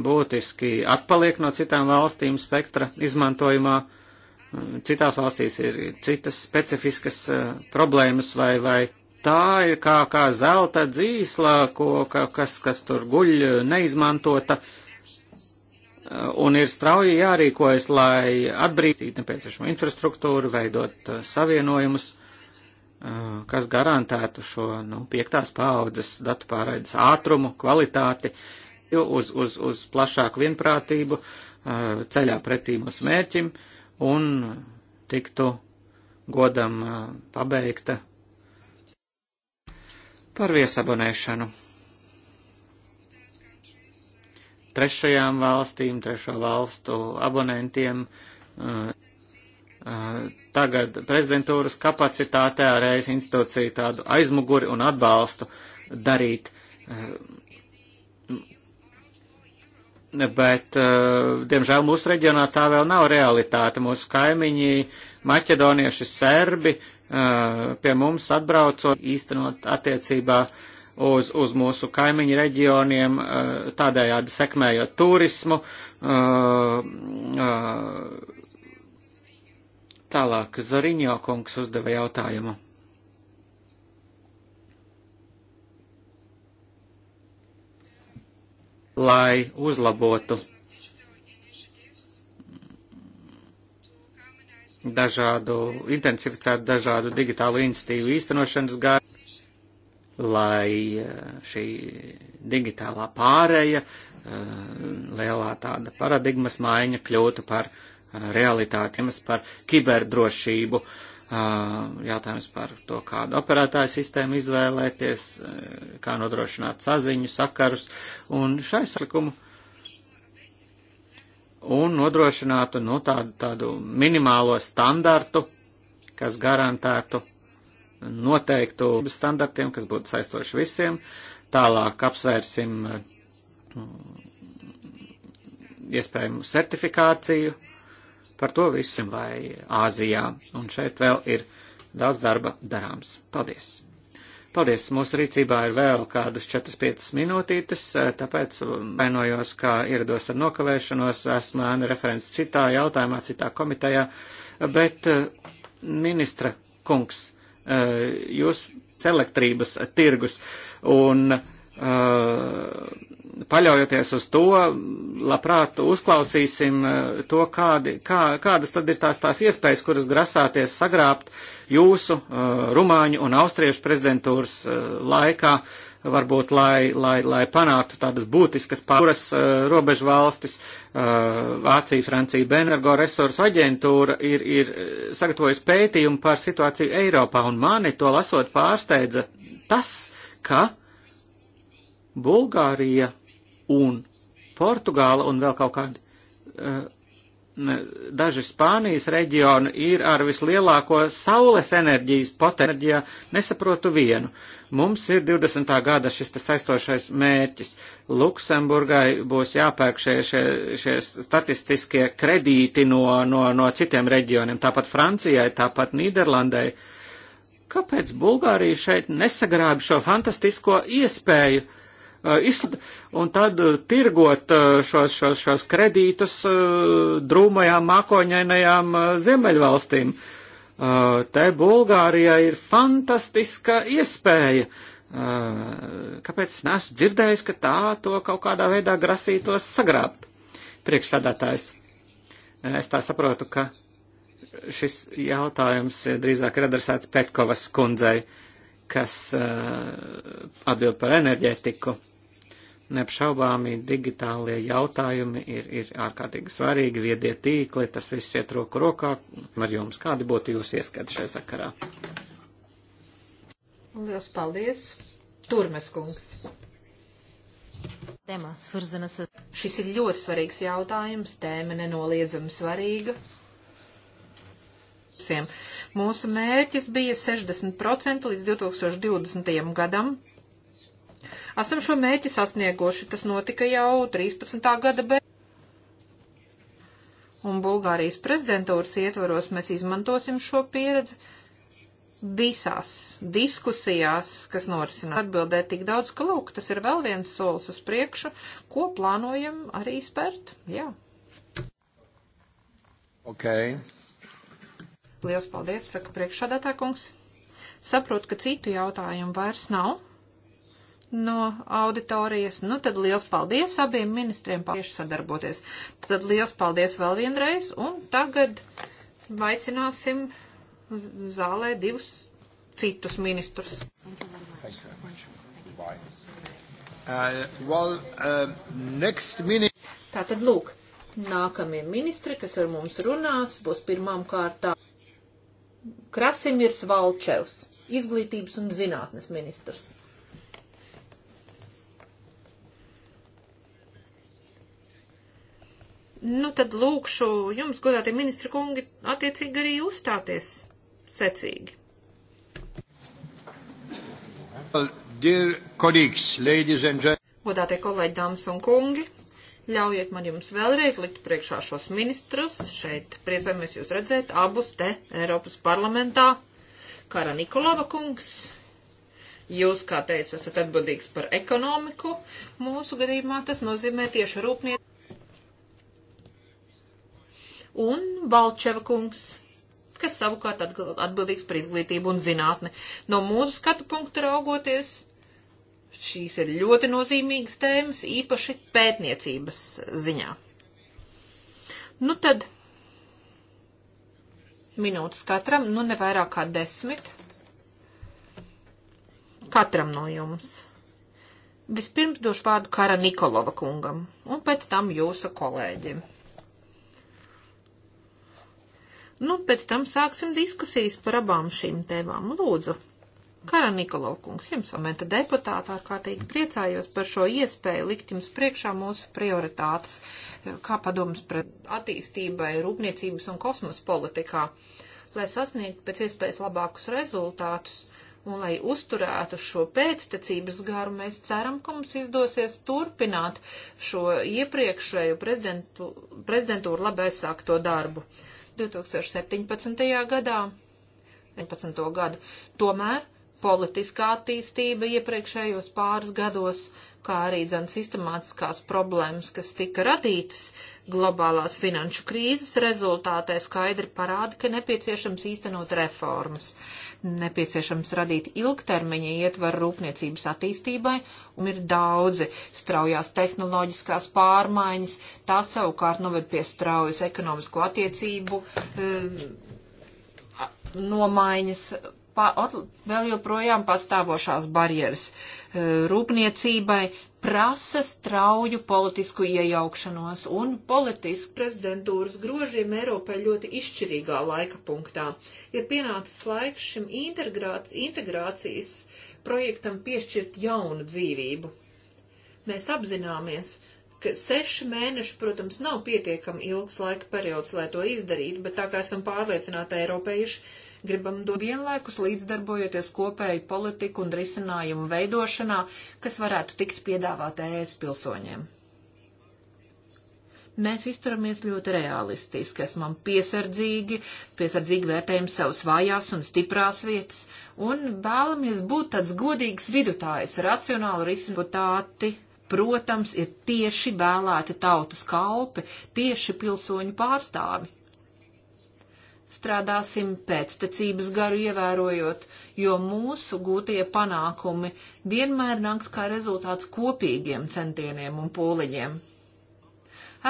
Speaker 2: būtiski atpaliek no citām valstīm spektra izmantojumā. Citās valstīs ir citas specifiskas e, problēmas vai, vai tā ir kā, kā zelta dzīslā, ko, ka, kas, kas tur guļ neizmantota e, un ir strauji jārīkojas, lai atbrīvītu nepieciešamo infrastruktūru, veidot e, savienojumus, kas garantētu šo nu, piektās paaudzes datu pārraides ātrumu, kvalitāti, uh, uz, uz, uz plašāku vienprātību ceļā pretī mūsu mērķim un tiktu godam pabeigta par viesabonēšanu. Trešajām valstīm, trešo valstu abonentiem tagad prezidentūras kapacitātē reiz institūcija tādu aizmuguri un atbalstu darīt bet, eh, diemžēl, mūsu reģionā tā vēl nav realitāte. Mūsu kaimiņi, maķedonieši, serbi eh, pie mums atbraucot īstenot attiecībā uz, uz mūsu kaimiņu reģioniem, eh, tādējādi sekmējot turismu. Tālāk Zariņo kungs uzdeva jautājumu. lai uzlabotu dažādu, intensificētu dažādu digitālu institīvu īstenošanas gāju, lai eh, šī digitālā pārēja, eh, lielā tāda paradigmas maiņa kļūtu par eh, realitāti, par kiberdrošību. Uh, jautājums par to, kādu operētāju sistēmu izvēlēties, kā nodrošināt saziņu, sakarus un šai sakumu un nodrošinātu nu, tādu, tādu minimālo standartu, kas garantētu noteiktu standartiem, kas būtu saistoši visiem. Tālāk apsvērsim nu, iespējamu certifikāciju par to visam vai Āzijā, un šeit vēl ir daudz darba darāms. Paldies! Paldies! Mūsu rīcībā ir vēl kādas 4-5 minūtītes, eh, tāpēc vainojos, kā ierados ar nokavēšanos, esmu ēna referents citā jautājumā, citā komitejā, bet eh, ministra kungs, eh, jūs elektrības tirgus un uh, Eh, paļaujoties uz to, labprāt uzklausīsim eh, to, kādi, kā, kādas tad ir tās, tās iespējas, kuras grasāties sagrābt jūsu uh, rumāņu un austriešu prezidentūras uh, laikā, varbūt, lai, lai, lai panāktu tādas būtiskas pāras uh, robežu valstis, Vācija, Francija, Benergo resursu aģentūra ir, ir sagatavojusi pētījumu par situāciju Eiropā, un mani to lasot pārsteidza tas, ka Bulgārija un Portugāla un vēl kaut kādi uh, daži Spānijas reģioni ir ar vislielāko saules enerģijas potenciālu. Nesaprotu vienu. Mums ir 20. gada šis saistošais mērķis. Luksemburgai būs jāpērk šie, šie, šie statistiskie kredīti no, no, no citiem reģioniem, tāpat Francijai, tāpat Nīderlandai. Kāpēc Bulgārija šeit nesagrāba šo fantastisko iespēju? Uh, Eh, un tad eh, tirgot eh, šos, šos, šos kredītus drūmajām mākoņainajām ziemeļvalstīm. Te Bulgārijā ir fantastiska iespēja. Kāpēc es neesmu dzirdējis, ka tā to kaut kādā veidā grasītos sagrābt? Priekšsēdētājs. Es tā saprotu, ka šis jautājums drīzāk ir adresēts Petkovas kundzei, kas uh, atbild par enerģētiku neapšaubāmi digitālie jautājumi ir, ir ārkārtīgi svarīgi, viedie tīkli, tas viss iet roku rokā ar jums. Kādi būtu jūs ieskati šai sakarā? Lielas
Speaker 1: paldies! Turmes kungs! Tēmā svirzenas. Šis ir ļoti svarīgs jautājums, tēma nenoliedzami svarīga. Mūsu mērķis bija 60% līdz 2020. gadam Esam šo mērķi sasnieguši, tas notika jau 13. gada beigās. Un Bulgārijas prezidentūras ietvaros mēs izmantosim šo pieredzi visās diskusijās, kas norisinās. Atbildēt tik daudz, ka lūk, tas ir vēl viens solis uz priekšu, ko plānojam arī spērt. Jā. Okay. Liels paldies, saka priekšādātā kungs. Saprotu, ka citu jautājumu vairs nav no auditorijas. Nu, tad liels paldies abiem ministriem tieši sadarboties. Tad liels paldies vēl vienreiz, un tagad vaicināsim zālē divus citus ministrus.
Speaker 2: Uh, well, uh,
Speaker 1: minute... Tātad lūk, nākamie ministri, kas ar mums runās, būs pirmām kārtām Krasimirs Valčevs, izglītības un zinātnes ministrs. Nu, tad lūkšu jums, godātie ministri kungi, attiecīgi arī uzstāties secīgi. Godātie kolēģi, dāmas un kungi, ļaujiet man jums vēlreiz likt priekšā šos ministrus. Šeit priecājamies jūs redzēt abus te Eiropas parlamentā. Kara Nikolava kungs, jūs, kā teicu, esat atbildīgs par ekonomiku. Mūsu gadījumā tas nozīmē tieši rūpniecību un Valčeva kungs, kas savukārt atbildīgs par izglītību un zinātni. No mūsu skatu punktu raugoties, šīs ir ļoti nozīmīgas tēmas, īpaši pētniecības ziņā. Nu tad minūtes katram, nu ne vairāk kā desmit. Katram no jums. Vispirms došu vārdu Kara Nikolova kungam un pēc tam jūsu kolēģim. Nu, pēc tam sāksim diskusijas par abām šīm tēmām. Lūdzu, Kara Nikolau kungs, jums amenta deputāta ārkārtīgi priecājos par šo iespēju likt jums priekšā mūsu prioritātes, eh, kā padomas pret attīstībai, rūpniecības un kosmosa politikā, lai sasniegtu pēc iespējas labākus rezultātus. Un, lai uzturētu šo pēctecības garu, mēs ceram, ka mums izdosies turpināt šo iepriekšējo prezidentu, prezidentūru labi aizsākto darbu. Uh, 2017. gadā, 19. gadu. Tomēr politiskā attīstība iepriekšējos pāris gados, kā arī dzen sistemātiskās problēmas, kas tika radītas, uh, globālās finanšu krīzes rezultātē skaidri parāda, ka nepieciešams īstenot reformas, nepieciešams radīt ilgtermiņa ietvaru rūpniecības attīstībai, un ir daudzi straujās tehnoloģiskās pārmaiņas, tās savukārt noved pie straujas ekonomisko attiecību eh, nomaiņas pa, at, vēl joprojām pastāvošās barjeras eh, rūpniecībai, prasa strauju politisku iejaukšanos un politisku prezidentūras grožiem Eiropai ļoti izšķirīgā laika punktā. Ir pienācis laiks šim integrācijas projektam piešķirt jaunu dzīvību. Mēs apzināmies, ka seši mēneši, protams, nav pietiekami ilgs laika periods, lai to izdarītu, bet tā kā esam pārliecināti eiropieši, Gribam dot vienlaikus līdzdarbojoties kopēju politiku un risinājumu veidošanā, kas varētu tikt piedāvāt ES pilsoņiem mēs izturamies ļoti realistiski, esam piesardzīgi, piesardzīgi vērtējam savas vājās un stiprās vietas un vēlamies būt tāds godīgs vidutājs, racionāli risinotāti. Protams, ir tieši vēlēti tautas kalpi, tieši pilsoņu pārstāvi strādāsim pēctecības garu ievērojot, jo mūsu gūtie panākumi vienmēr nāks kā rezultāts kopīgiem centieniem un pūliņiem.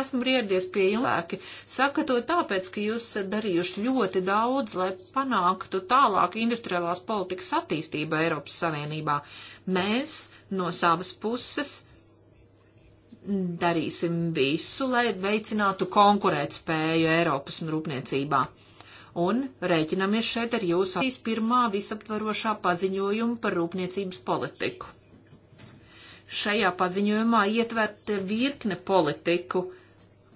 Speaker 1: Esmu ieradies pie cilvēki, saka to tāpēc, ka jūs esat darījuši ļoti daudz, lai panāktu tālāku industriālās politikas attīstību Eiropas Savienībā. Mēs no savas puses darīsim visu, lai veicinātu konkurētspēju Eiropas rūpniecībā un rēķinamies šeit ar jūsu acīs pirmā visaptvarošā paziņojuma par rūpniecības politiku. Šajā paziņojumā ietvert virkne politiku,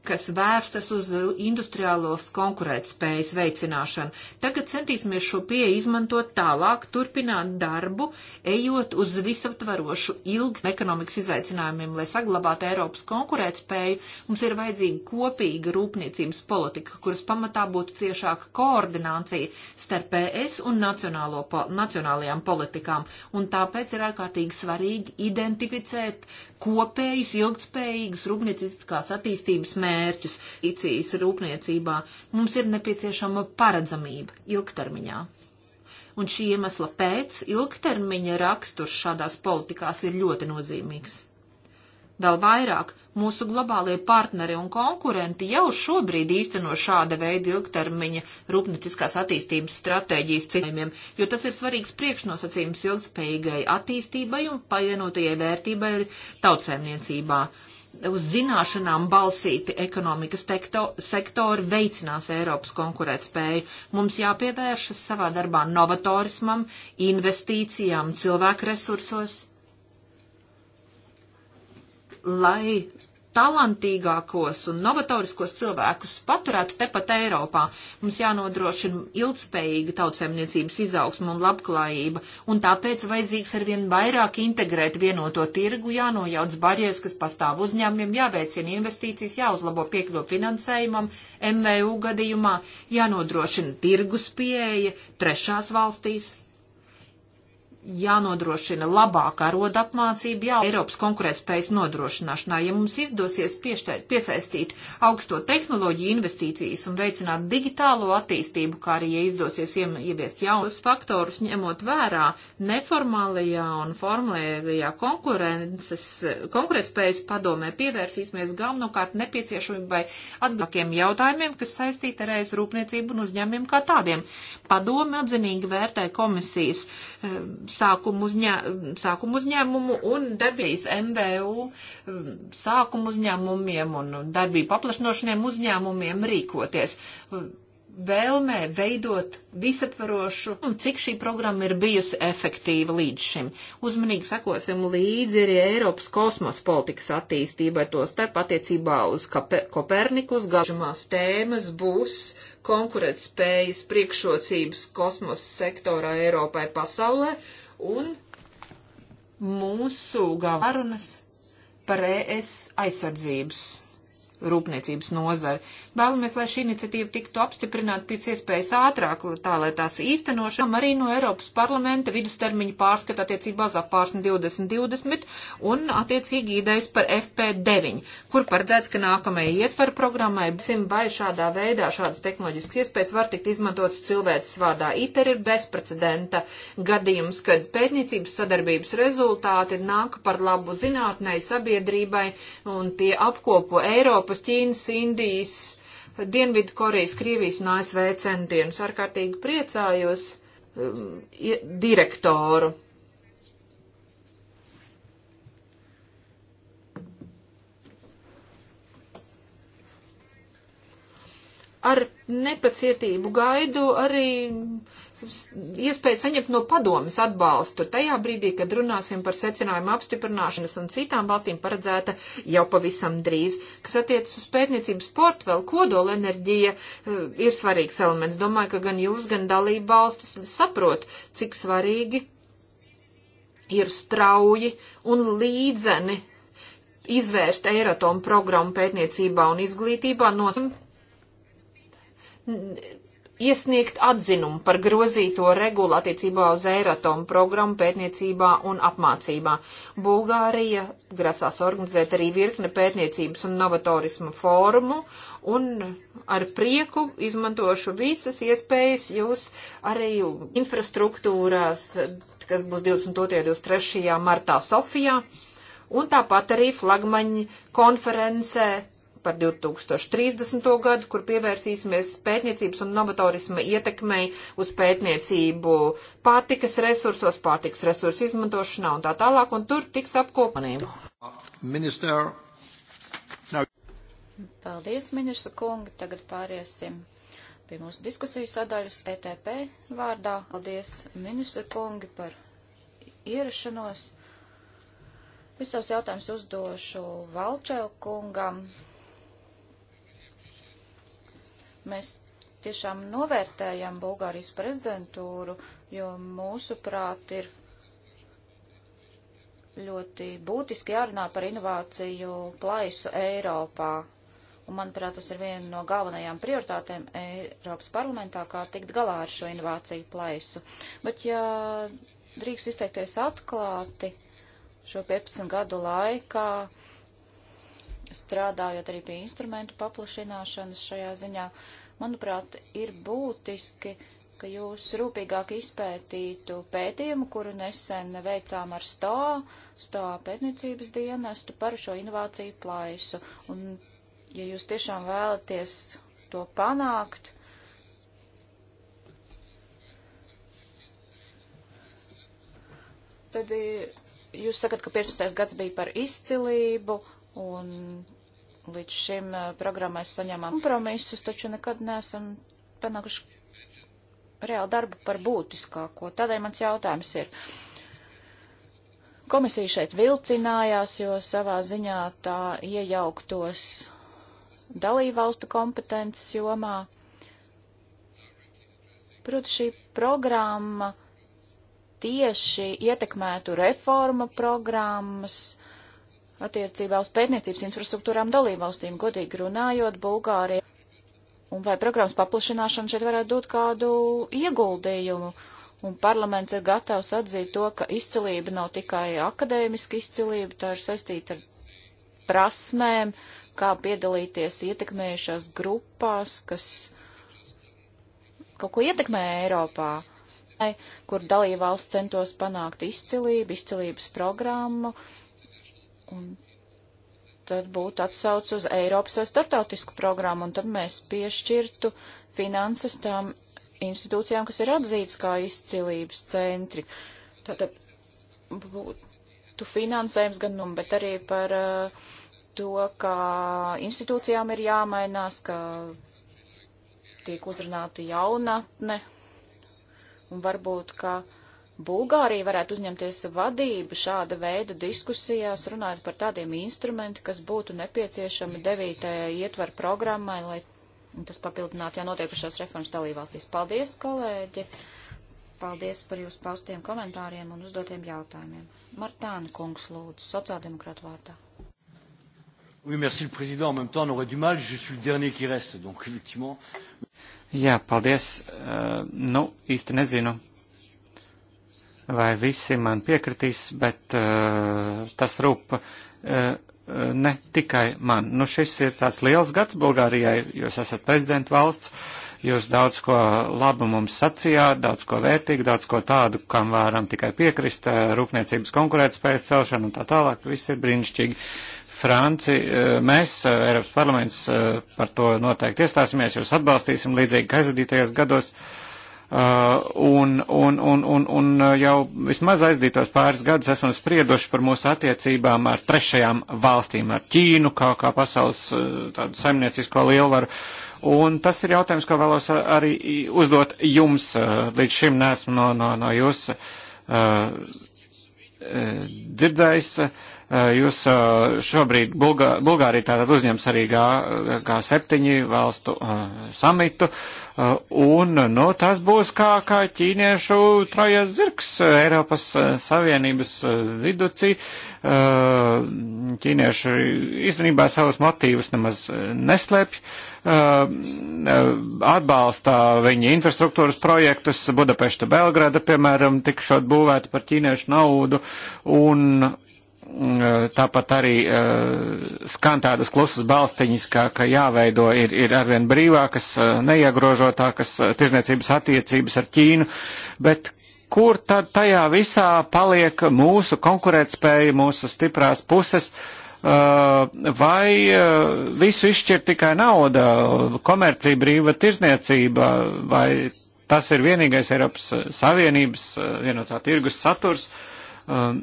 Speaker 1: kas vērstas uz industriālos konkurētspējas veicināšanu. Tagad centīsimies šo pieeju izmantot tālāk, turpināt darbu, ejot uz visaptvarošu ilgu ekonomikas izaicinājumiem, lai saglabātu Eiropas konkurētspēju. Mums ir vajadzīga kopīga rūpniecības politika, kuras pamatā būtu ciešāka koordinācija starp PS e un nacionālo, nacionālajām politikām, un tāpēc ir ārkārtīgi svarīgi identificēt kopējus ilgtspējīgus rūpnieciskās attīstības mērķus Icijas rūpniecībā. Mums ir nepieciešama paredzamība ilgtermiņā. Un šī iemesla pēc ilgtermiņa raksturs šādās politikās ir ļoti nozīmīgs. Vēl vairāk mūsu globālie partneri un konkurenti jau šobrīd īsteno šāda veida ilgtermiņa rūpnieciskās attīstības stratēģijas cikliem, jo tas ir svarīgs priekšnosacījums ilgspējīgai attīstībai un pievienotajai vērtībai tautsēmniecībā uz zināšanām balsīti ekonomikas tekto, sektori veicinās Eiropas konkurētspēju. Mums jāpievēršas savā darbā novatorismam, investīcijām, cilvēku resursos lai talantīgākos un novatoriskos cilvēkus paturētu tepat Eiropā. Mums jānodrošina ilgspējīga tautsēmniecības izaugsma un labklājība, un tāpēc vajadzīgs arvien vairāk integrēt vienoto tirgu, jānojauc barjeras, kas pastāv uzņēmumiem, jāveicina investīcijas, jāuzlabo piekļuvu finansējumam, MVU gadījumā, jānodrošina tirgus pieeja trešās valstīs jānodrošina labākā roda apmācība, jā, Eiropas konkurētspējas nodrošināšanā. Ja mums izdosies piešķirt, piesaistīt augsto tehnoloģiju investīcijas un veicināt digitālo attīstību, kā arī, ja izdosies ieviest jaunus faktorus, ņemot vērā neformālajā un formālajā konkurences, konkurētspējas padomē, pievērsīsimies galvenokārt nepieciešamībai atbildīgākiem jautājumiem, kas saistīti ar ēs rūpniecību un uzņēmumiem kā tādiem. Padome atzinīgi vērtē komisijas eh, sākumu, uzņē, sākumu uzņēmumu un darbības MVU um, sākumu uzņēmumiem un darbību paplašinošaniem uzņēmumiem rīkoties vēlmē veidot visaptvarošu, un cik šī programma ir bijusi efektīva līdz šim. Uzmanīgi sekosim līdzi arī Eiropas kosmosa politikas attīstībai, to starp attiecībā uz Kopernikus, gažamās tēmas būs konkurētspējas priekšrocības kosmosa sektorā Eiropai pasaulē, un mūsu galvarunas par ES aizsardzības rūpniecības nozari. Vēlamies, lai šī iniciatīva tiktu apstiprināta pēc iespējas ātrāk, tā lai tās īstenošana arī no Eiropas parlamenta vidustermiņa pārskata attiecībā uz apārsni 2020 un attiecīgi idejas par FP9, kur paredzēts, ka nākamajai ietveru programmai būsim vai šādā veidā šādas tehnoloģiskas iespējas var tikt izmantotas cilvēces vārdā. ITER ir bezprecedenta gadījums, kad pētniecības sadarbības rezultāti nāk par labu zinātnei, sabiedrībai un tie apkopo Eiropu Eiropas, Ķīnas, Indijas, Dienvidu Korejas, Krievijas un ASV centienus. Ārkārtīgi priecājos um, direktoru. Ar nepacietību gaidu arī iespēju saņemt no padomas atbalstu tajā brīdī, kad runāsim par secinājumu apstiprināšanas un citām valstīm paredzēta jau pavisam drīz. Kas attiecas uz pētniecības sportu, vēl kodola enerģija eh, ir svarīgs elements. Domāju, ka gan jūs, gan dalība valstis saprot, cik svarīgi ir strauji un līdzeni izvērst Eiratomu programmu pētniecībā un izglītībā, nosim iesniegt atzinumu par grozīto regulu attiecībā uz Eiratomu programmu pētniecībā un apmācībā. Bulgārija grasās organizēt arī virkne pētniecības un novatorismu fórumu un ar prieku izmantošu visas iespējas jūs arī infrastruktūrās, kas būs 22. un 23. martā Sofijā, un tāpat arī flagmaņa konferencē par 2030. gadu, kur pievērsīsimies pētniecības un novatorisma ietekmei uz pētniecību pārtikas resursos, pārtikas resursu izmantošanā un tā tālāk, un tur tiks apkopanība.
Speaker 2: Minister. No.
Speaker 3: Paldies, ministra kungi. Tagad pāriesim pie mūsu diskusiju sadaļas ETP vārdā. Paldies, ministra kungi, par ierašanos. Visus jautājumus uzdošu Valčēl kungam, Mēs tiešām novērtējam Bulgārijas prezidentūru, jo mūsuprāt ir ļoti būtiski jārunā par inovāciju plaisu Eiropā. Un, manuprāt, tas ir viena no galvenajām prioritātēm Eiropas parlamentā, kā tikt galā ar šo inovāciju plaisu. Bet, ja drīkst izteikties atklāti šo 15 gadu laikā, strādājot arī pie instrumentu paplašināšanas šajā ziņā, uh, Manuprāt, ir būtiski, ka jūs rūpīgāk izpētītu pētījumu, kuru nesen veicām ar STO, STO pētniecības dienestu par šo inovāciju plaisu. Un, ja jūs tiešām vēlaties to panākt, tad eh, jūs sakat, ka 15. gads bija par izcilību, un Līdz šim eh, programmai saņēmām kompromisus, taču nekad neesam panākuši reāli darbu par būtiskāko. Tādēļ mans jautājums ir. Komisija šeit vilcinājās, jo savā ziņā tā iejauktos dalībvalstu kompetences jomā. Protams, šī programma tieši ietekmētu reforma programmas, attiecībā uz pētniecības infrastruktūrām dalībvalstīm, godīgi runājot, Bulgārija. Un vai programmas paplašināšana šeit varētu dot kādu ieguldījumu? Un parlaments ir gatavs atzīt to, ka izcilība nav tikai akadēmiska izcilība, tā ir saistīta ar prasmēm, kā piedalīties ietekmējušās grupās, kas kaut ko ietekmē Eiropā kur dalībvalsts centos panākt izcilību, izcilības programmu, Un tad būtu atsauc uz Eiropas vai startautisku programmu, un tad mēs piešķirtu finanses tām institūcijām, kas ir atzītas kā izcilības centri. Tātad būtu finansējums gan, nu, bet arī par uh, to, ka institūcijām ir jāmainās, ka tiek uzrunāta jaunatne, un varbūt, ka. Uh, Bulgārija varētu uzņemties vadību šāda veida diskusijās, runājot par tādiem instrumentiem, kas būtu nepieciešami devītajai ietvaru programmai, lai tas papildinātu jau notiekušās reformas dalībvalstīs. Paldies, kolēģi! Paldies par jūsu paustiem komentāriem un uzdotiem jautājumiem. Martāna kungs lūdzu, sociāldemokrāta vārdā.
Speaker 2: Oui, merci le président. En même temps, on aurait du mal. Je suis le dernier qui reste, donc effectivement. Jā, paldies. Uh, nu, īsti nezinu, vai visi man piekritīs, bet uh, tas rūp. Uh, Ne tikai man. Nu, šis ir tāds liels gads Bulgārijai. Jūs esat prezidenta valsts, jūs daudz ko labu mums sacījāt, daudz ko vērtīgu, daudz ko tādu, kam varam tikai piekrist, eh, rūpniecības konkurētspējas celšana un tā tālāk. Viss ir brīnišķīgi. Franci, mēs, Eiropas parlaments, par to noteikti iestāsimies, jūs atbalstīsim līdzīgi kā aizvadītajos gados. Uh, un, un, un, un, un jau vismaz aizdītos pāris gadus esam sprieduši par mūsu attiecībām ar trešajām valstīm, ar Ķīnu kā, kā pasaules tādu saimniecisko lielvaru. Un tas ir jautājums, ko vēlos arī uzdot jums. Līdz šim neesmu no, no, no jūs uh, dzirdējis. Uh, Jūs šobrīd Bulgā, Bulgārija tātad uzņems arī G7 valstu samitu, un nu, tas būs kā, kā ķīniešu trojas zirgs Eiropas Savienības viducī. Ķīnieši īstenībā savus motīvus nemaz neslēpj atbalstā viņa infrastruktūras projektus, Budapešta Belgrada, piemēram, tikšot būvēta par ķīniešu naudu, un, Eh, tāpat arī uh, skan tādas klusas balstiņas, kā, ka jāveido ir, ir arvien brīvākas, eh, neiegrožotākas tirzniecības attiecības ar Ķīnu, bet kur tad tajā visā paliek mūsu konkurētspēja, mūsu stiprās puses, uh, vai uh, visu izšķir tikai nauda, komercija, brīva tirzniecība, vai tas ir vienīgais Eiropas Savienības vienotā tirgus saturs? Uh, Um,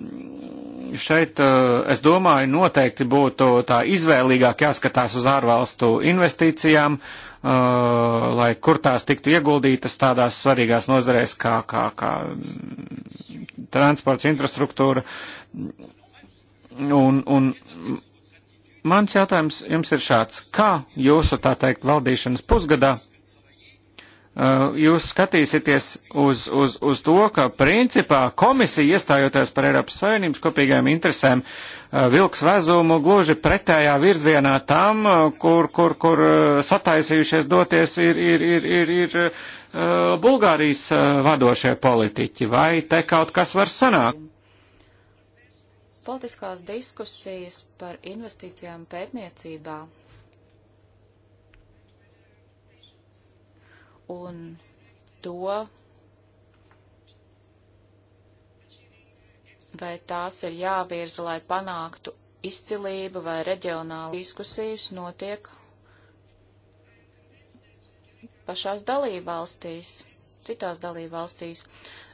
Speaker 2: šeit, uh, es domāju, noteikti būtu tā izvēlīgāk jāskatās uz ārvalstu investīcijām, uh, lai kur tās tiktu ieguldītas tādās svarīgās nozarēs kā, kā, kā mm, transports, infrastruktūra. Un, un mans jautājums jums ir šāds. Kā jūsu, tā teikt, valdīšanas pusgadā Eh, jūs skatīsieties uz, uz, uz to, ka principā komisija iestājoties par Eiropas Savienības kopīgajām interesēm eh, vilks vezumu gluži pretējā virzienā tam, eh, kur, kur, kur sataisījušies doties ir, ir, ir, ir, ir Bulgārijas vadošie politiķi. Vai te kaut kas var sanākt?
Speaker 3: Politiskās diskusijas par investīcijām pētniecībā un to, vai tās ir jāvirza, lai panāktu izcilību vai reģionālu diskusijas notiek pašās dalībvalstīs, citās dalībvalstīs.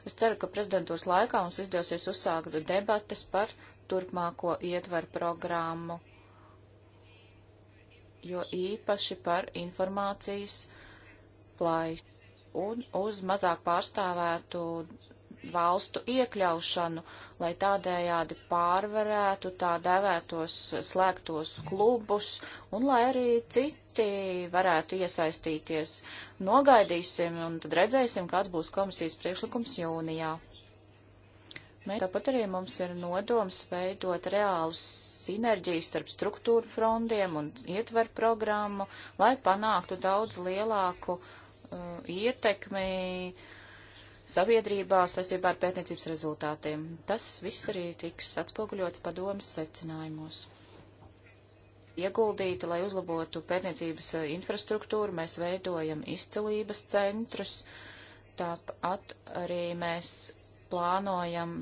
Speaker 3: Es ceru, ka prezidentūras laikā mums izdosies uzsākt debates par turpmāko ietveru programmu, jo īpaši par informācijas jāaplāj un uz mazāk pārstāvētu valstu iekļaušanu, lai tādējādi pārvarētu tā devētos slēgtos klubus un lai arī citi varētu iesaistīties. Nogaidīsim un tad redzēsim, kāds būs komisijas priekšlikums jūnijā. Mēs tāpat arī mums ir nodoms veidot reālus sinerģijas starp struktūru frondiem un ietver programmu, lai panāktu daudz lielāku uh, Uh, ietekmi sabiedrībā saistībā ar pētniecības rezultātiem. Tas viss arī tiks atspoguļots padomas secinājumos. Ieguldīti, lai uzlabotu pētniecības uh, infrastruktūru, mēs veidojam izcelības centrus, tāpat arī mēs plānojam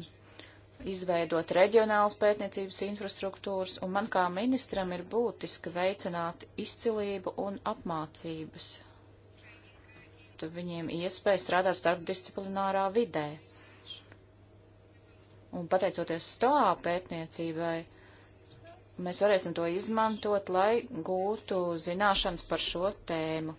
Speaker 3: izveidot reģionālas pētniecības infrastruktūras, un man kā ministram ir būtiski veicināt izcilību un apmācības dot viņiem iespēju strādāt starpdisciplinārā vidē. Un pateicoties stoā pētniecībai, mēs varēsim to izmantot, lai gūtu zināšanas par šo tēmu.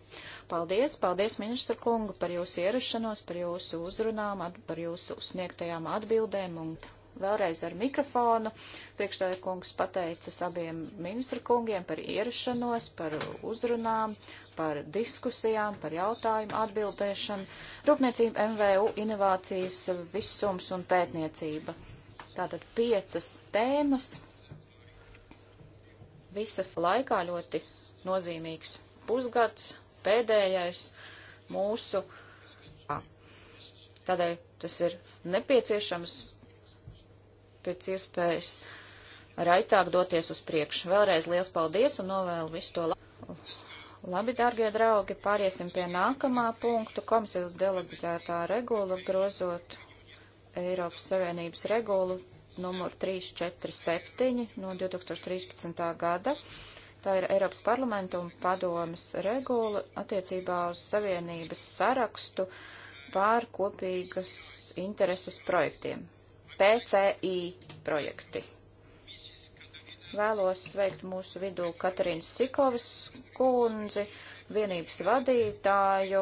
Speaker 3: Paldies, paldies, ministra kunga, par jūsu ierašanos, par jūsu uzrunām, at, par jūsu sniegtajām atbildēm un vēlreiz ar mikrofonu. Priekšstāja kungs pateicas abiem ministra kungiem par ierašanos, par uzrunām par diskusijām, par jautājumu atbildēšanu, rūpniecība, MVU, inovācijas, visums un pētniecība. Tātad piecas tēmas, visas laikā ļoti nozīmīgs pusgads, pēdējais mūsu. A. Tādēļ tas ir nepieciešams pēc iespējas raitāk doties uz priekšu. Vēlreiz liels paldies un novēlu visu to labu Labi, dārgie draugi, pāriesim pie nākamā punktu. Komisijas delegētā regula grozot Eiropas Savienības regulu numur 347 no 2013. gada. Tā ir Eiropas parlamenta un padomas regula attiecībā uz Savienības sarakstu pār kopīgas intereses projektiem. PCI projekti. Vēlos sveikt mūsu vidū Katarīnas Sikovas kundzi, vienības vadītāju,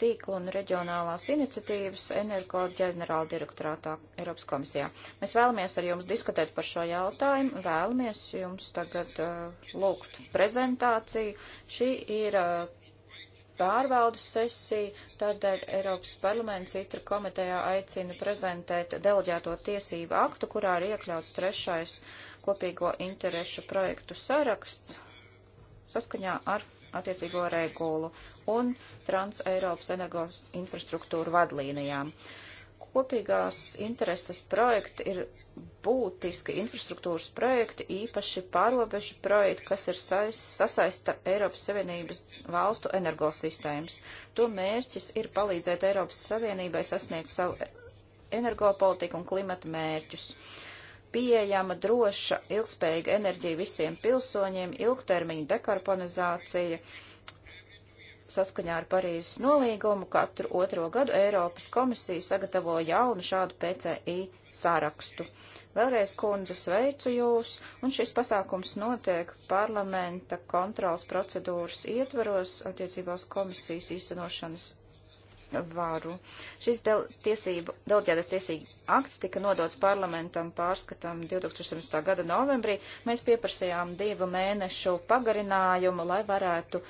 Speaker 3: tīklu un reģionālās iniciatīvas energo ģenerāla direktorātā Eiropas komisijā. Mēs vēlamies ar jums diskutēt par šo jautājumu, vēlamies jums tagad uh, lūgt prezentāciju. Šī ir uh, pārvaldes sesiju, tādēļ Eiropas parlaments itra komitejā aicina prezentēt deleģēto tiesību aktu, kurā ir iekļauts trešais uh, kopīgo interešu projektu saraksts saskaņā ar attiecīgo regulu un Trans-Eiropas energos infrastruktūru vadlīnijām. Kopīgās intereses projekti ir būtiski infrastruktūras projekti, īpaši pārobežu projekti, kas ir sais, sasaista Eiropas Savienības valstu energosistēmas. To mērķis ir palīdzēt Eiropas Savienībai sasniegt savu e-, energopolitiku un klimata mērķus. Uh, pieejama, droša, ilgspējīga enerģija visiem pilsoņiem, ilgtermiņa dekarbonizācija saskaņā ar Parīzes nolīgumu katru otro gadu Eiropas komisija sagatavo jaunu šādu PCI sārakstu. Vēlreiz, kundze, sveicu jūs, un šis pasākums notiek parlamenta kontrols procedūras ietvaros attiecībā uz komisijas īstenošanas varu. Šis del, tiesību, delģētas tiesību akts tika nodots parlamentam pārskatam 2017. gada novembrī. Mēs pieprasījām divu mēnešu pagarinājumu, lai varētu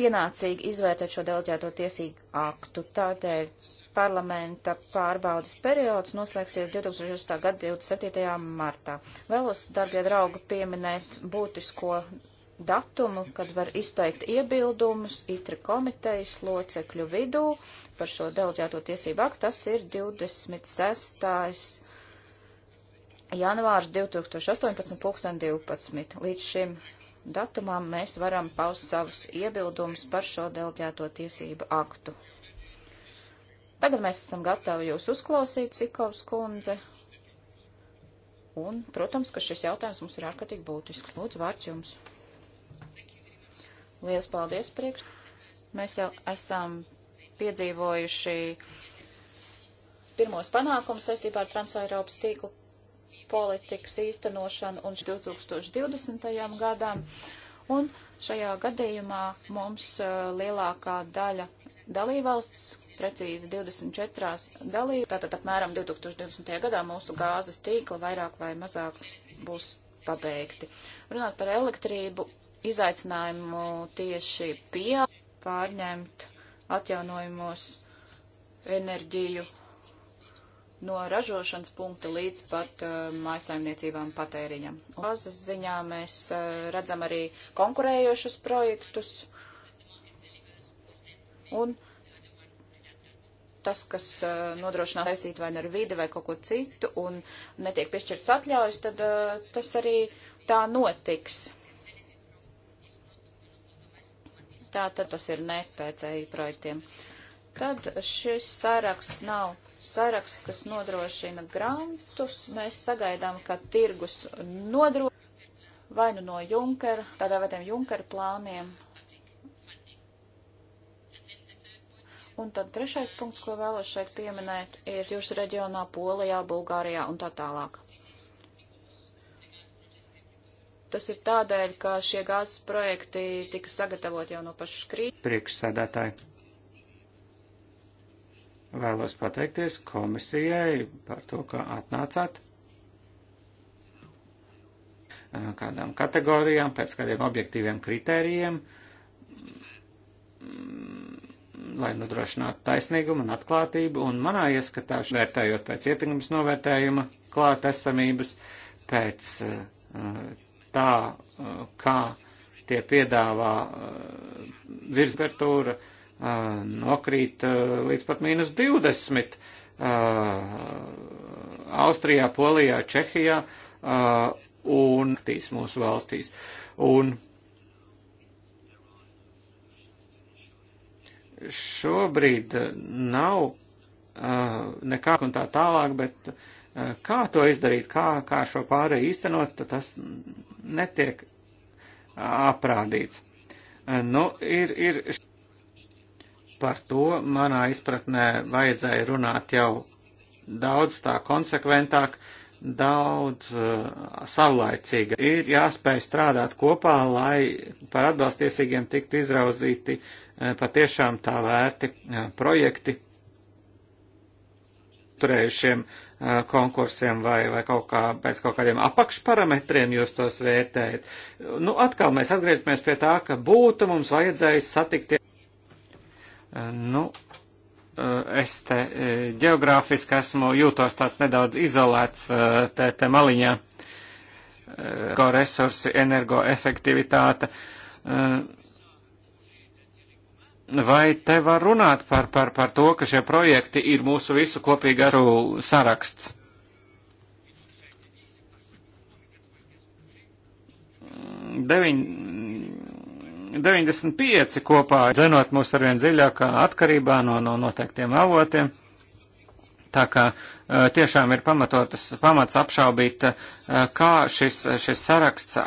Speaker 3: pienācīgi izvērtēt šo delģēto tiesību aktu. Tādēļ parlamenta pārbaudas periods noslēgsies 2016. gada 27. martā. Vēlos, darbie draugi, pieminēt būtisko datumu, kad var izteikt iebildumus ITRA komitejas locekļu vidū par šo deleģēto tiesību aktu. Tas ir 26. janvārs 2018. pulksten 12. Līdz šim datumam mēs varam paust savus iebildumus par šo deleģēto tiesību aktu. Tagad mēs esam gatavi jūs uzklausīt, Sikovs kundze. Un, protams, ka šis jautājums mums ir ārkārtīgi būtisks. Lūdzu, vārds jums. Lielas paldies priekš. Mēs jau esam piedzīvojuši pirmos panākumus saistībā ar Transeiropas tīklu politikas īstenošanu un 2020. gadam. Un šajā gadījumā mums lielākā daļa dalībvalsts, precīzi 24 dalība, tātad apmēram 2020. gadā mūsu gāzes tīkla vairāk vai mazāk būs pabeigti. Runāt par elektrību izaicinājumu tieši pie pārņemt atjaunojumos enerģiju no ražošanas punkta līdz pat uh, mājasaimniecībām patēriņam. Bāzes ziņā mēs uh, redzam arī konkurējošus projektus un tas, kas uh, nodrošinās saistīt vai nu ar vidi vai kaut ko citu un netiek piešķirts atļaujas, tad uh, tas arī tā notiks. tā tad tas ir ne PCI e projektiem. Tad šis saraksts nav saraksts, kas nodrošina grantus. Mēs sagaidām, ka tirgus nodrošina vai nu no Junkera, tādā vai tiem Junkera plāniem. Un tad trešais punkts, ko vēlos šeit pieminēt, ir jūsu reģionā Polijā, Bulgārijā un tā tālāk. Tas ir tādēļ, ka šie gāzes projekti tika sagatavoti jau no pašas krīzes.
Speaker 2: Priekšsēdētāji. Vēlos pateikties komisijai par to, ka atnācāt kādām kategorijām, pēc kādiem objektīviem kritērijiem, mm, lai nodrošinātu taisnīgumu un atklātību, un manā ieskatā, vērtējot pēc ietekmes novērtējuma klāt esamības, pēc uh, tā, uh, kā tie piedāvā uh, virspertūra, uh, nokrīt līdz pat mīnus 20. Austrijā, Polijā, Čehijā un tīs mūsu valstīs. Un šobrīd nav nekā un tā tālāk, bet kā to izdarīt, kā, kā šo pārēju īstenot, tas netiek aprādīts. Nu, ir, ir par to manā izpratnē vajadzēja runāt jau daudz tā konsekventāk, daudz uh, savlaicīga. Ir jāspēj strādāt kopā, lai par atbalstiesīgiem tiktu izraudzīti uh, patiešām tā vērti uh, projekti turējušiem uh, konkursiem vai, vai kaut kā, pēc kaut kādiem apakšparametriem jūs tos vērtējat. Nu, atkal mēs atgriežamies pie tā, ka būtu mums vajadzējis satikties. Nu, es te geogrāfiski esmu jūtos tāds nedaudz izolēts te, te maliņā. Energo resursi, energoefektivitāte. efektivitāte Vai te var runāt par, par, par to, ka šie projekti ir mūsu visu kopīgā saraksts? Deviņ, 95 kopā, dzenot mūs arvien dziļākā atkarībā no, no noteiktiem avotiem. Tā kā e, tiešām ir pamatotas, pamats apšaubīt, e, kā šis, šis saraksts e,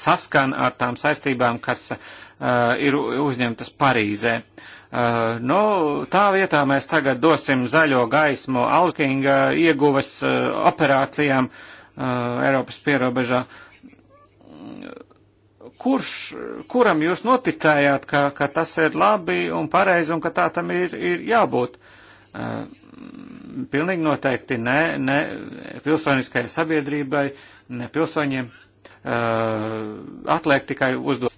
Speaker 2: saskan ar tām saistībām, kas Uh, ir uzņemtas Parīzē. Uh, nu, tā vietā mēs tagad dosim zaļo gaismu Alkinga uh, ieguves uh, operācijām uh, Eiropas pierobežā. Kurš, kuram jūs noticējāt, ka, ka tas ir labi un pareizi un ka tā tam ir, ir jābūt? Uh, pilnīgi noteikti ne, ne pilsoniskajai sabiedrībai, ne pilsoņiem. Uh, atliek tikai uzdot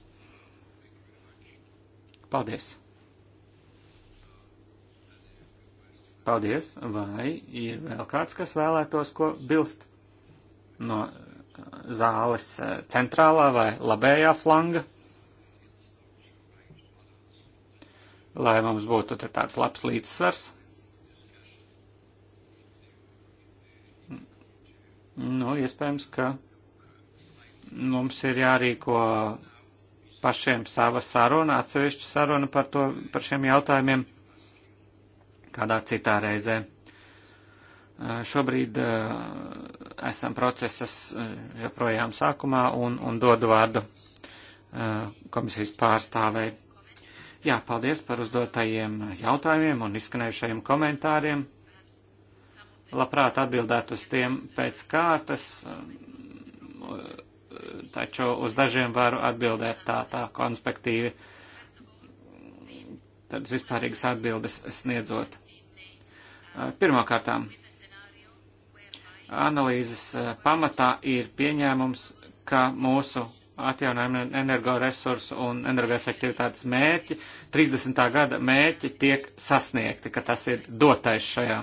Speaker 2: Paldies! Paldies! Vai ir vēl kāds, kas vēlētos ko bilst no eh, zāles eh, centrālā vai labējā flanga? Lai mums būtu tāds labs līdzsvars. Nu, iespējams, ka mums ir jārīko pašiem sava saruna, atsevišķa saruna par, to, par šiem jautājumiem kādā citā reizē. Eh, šobrīd eh, esam procesas eh, joprojām sākumā un, un dodu vārdu komisijas pārstāvēji. Jā, paldies par uzdotajiem jautājumiem un izskanējušajiem komentāriem. Labprāt atbildētu uz tiem pēc kārtas taču uz dažiem varu atbildēt tā, tā konspektīvi, tad vispārīgas atbildes sniedzot. Pirmkārtām, analīzes pamatā ir pieņēmums, ka mūsu atjaunojumu energoresursu un energoefektivitātes mērķi, 30. gada mērķi tiek sasniegti, ka tas ir dotais šajā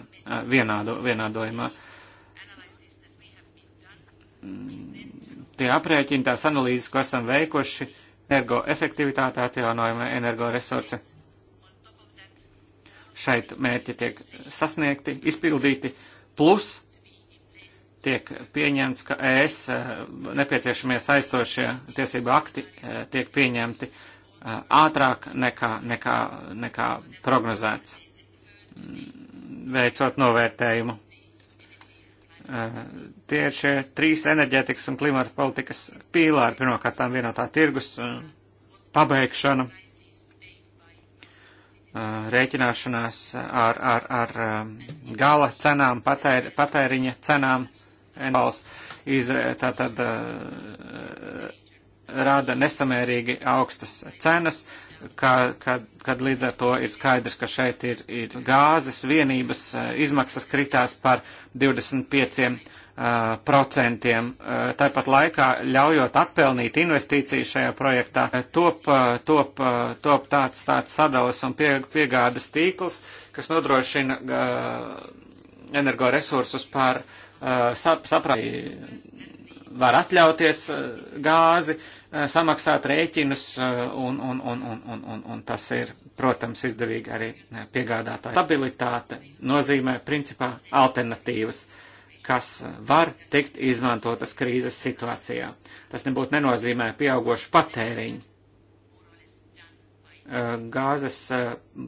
Speaker 2: vienādo, vienādojumā tie aprēķini, tās analīzes, ko esam veikuši, energoefektivitāte, atjaunojama energoresursi. Šeit mērķi tiek sasniegti, izpildīti, plus tiek pieņemts, ka ES eh, nepieciešamie saistošie tiesību akti eh, tiek pieņemti eh, ātrāk nekā, nekā, nekā prognozēts, mm, veicot novērtējumu. Eh, tie ir šie trīs enerģētikas un klimata politikas pīlāri, pirmkārt tām vienotā tirgus eh, pabeigšana, eh, rēķināšanās ar, ar, ar gala cenām, patēri, patēriņa cenām, tātad rada nesamērīgi augstas cenas, ka, kad, kad līdz ar to ir skaidrs, ka šeit ir, ir gāzes vienības izmaksas kritās par 25%. Procentiem. Tāpat laikā ļaujot atpelnīt investīciju šajā projektā, top, top, top tāds, tāds sadalas un pie, piegādas tīkls, kas nodrošina uh, energoresursus par uh, sap, saprātīgi var atļauties gāzi, Eh, samaksāt rēķinus, eh, un, un, un, un, un, un, un tas ir, protams, izdevīgi arī eh, piegādātāji. Stabilitāte nozīmē principā alternatīvas, kas var tikt izmantotas krīzes situācijā. Tas nebūtu nenozīmē pieaugošu patēriņu. Gāzes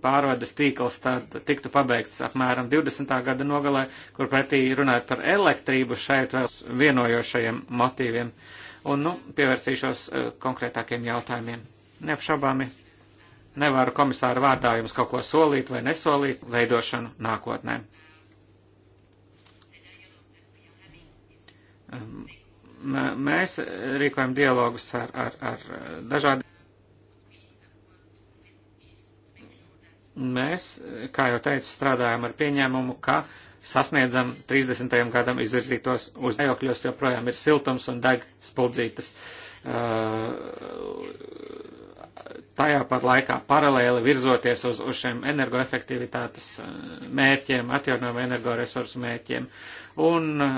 Speaker 2: pārvades tīkls tad tiktu pabeigts apmēram 20. gada nogalē, kur pretī runājot par elektrību šeit vēl vienojošajiem motīviem. Uh, Un, nu, pievērsīšos eh, konkrētākiem jautājumiem. Neapšaubāmi nevaru komisāra vārdā jums kaut ko solīt vai nesolīt veidošanu nākotnē. M ehm, mēs rīkojam dialogus ar, ar, ar dažādiem. Mēs, kā jau teicu, strādājam ar pieņēmumu, ka uh, sasniedzam 30. gadam izvirzītos uzdevokļos, joprojām ir siltums un deg spuldzītas. Eh, tajā pat laikā paralēli virzoties uz, uz šiem energoefektivitātes eh, mērķiem, atjaunojumu energoresursu mērķiem. Un eh,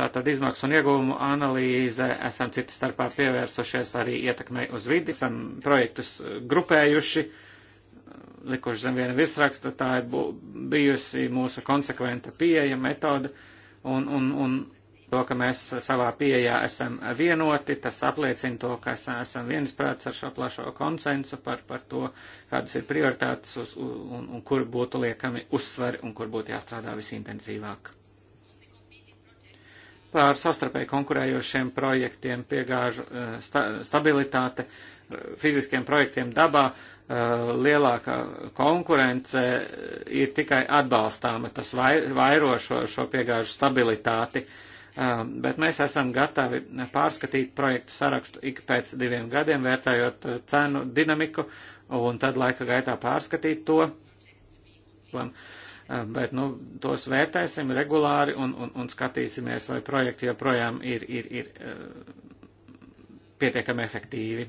Speaker 2: tātad izmaksu un ieguvumu analīze esam citu starpā pievērsušies arī ietekmei uz vidi, esam projektus grupējuši. Uh, likuši zem viena virsraksta, tā ir bijusi mūsu konsekventa pieeja, metode, un, un, un to, ka mēs savā pieejā esam vienoti, tas apliecina to, ka esam viensprāts ar šo plašo konsensu par, par to, kādas ir prioritātes uz, un, un, un kur būtu liekami uzsveri un kur būtu jāstrādā visintensīvāk. Pār savstarpēji konkurējošiem projektiem piegāžu eh, sta, stabilitāte fiziskiem projektiem dabā Eh, lielākā konkurence eh, ir tikai atbalstāma, tas vairo šo, šo piegāžu stabilitāti. Eh, bet mēs esam gatavi pārskatīt projektu sarakstu ik pēc diviem gadiem, vērtējot cenu dinamiku un tad laika gaitā pārskatīt to. Bet nu, tos vērtēsim regulāri un, un, un skatīsimies, vai projekti joprojām ir, ir, ir pietiekami efektīvi.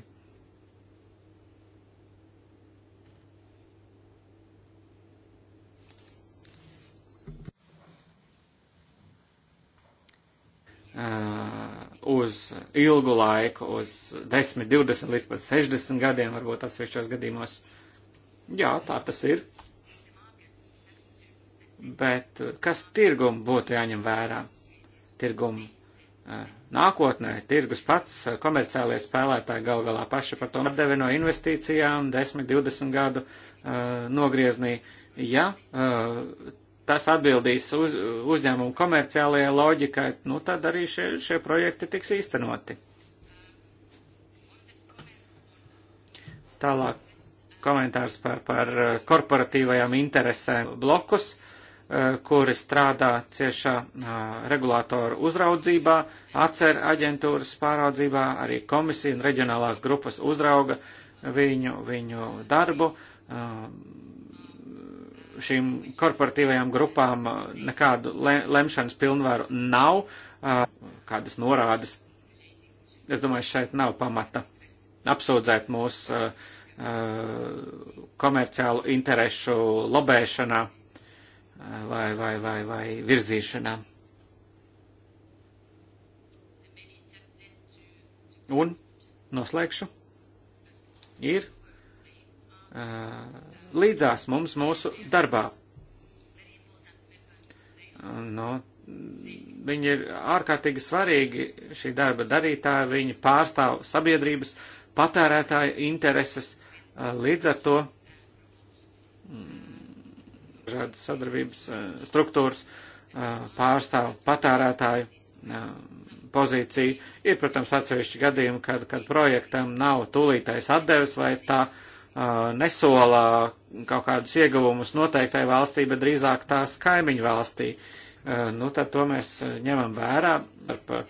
Speaker 2: Uh, uz ilgu laiku, uz 10, 20 līdz pat 60 gadiem, varbūt atsevišķos gadījumos. Jā, tā tas ir. Bet uh, kas tirgumu būtu jāņem vērā? Tirgumu uh, nākotnē, tirgus pats, komerciālie spēlētāji gal galā paši par to atdevi no investīcijām 10, 20 gadu nogrieznī. Ja tas atbildīs uz, uzņēmumu komerciālajai loģikai, nu tad arī šie, šie projekti tiks īstenoti. Tālāk komentārs par, par eh, korporatīvajām interesēm blokus, eh, kuri strādā ciešā eh, regulātoru uzraudzībā, atcer aģentūras pāraudzībā, arī komisija un reģionālās grupas uzrauga viņu, viņu darbu šīm korporatīvajām grupām uh, nekādu lemšanas pilnvaru nav, uh, kādas norādes. Es domāju, šeit nav pamata apsūdzēt mūs uh, komerciālu interešu lobēšanā vai, vai, vai, vai virzīšanā. Un noslēgšu. Ir. Uh, līdzās mums mūsu darbā. Nu, viņi ir ārkārtīgi svarīgi šī darba darītāji, viņi pārstāv sabiedrības patērētāju intereses, līdz ar to mm, dažādas sadarbības struktūras pārstāv patērētāju pozīciju. Ir, protams, atsevišķi gadījumi, kad, kad projektam nav tūlītais atdevis vai tā nesolā kaut kādus ieguvumus noteiktai valstī, bet drīzāk tās kaimiņu valstī. Nu, tad to mēs ņemam vērā par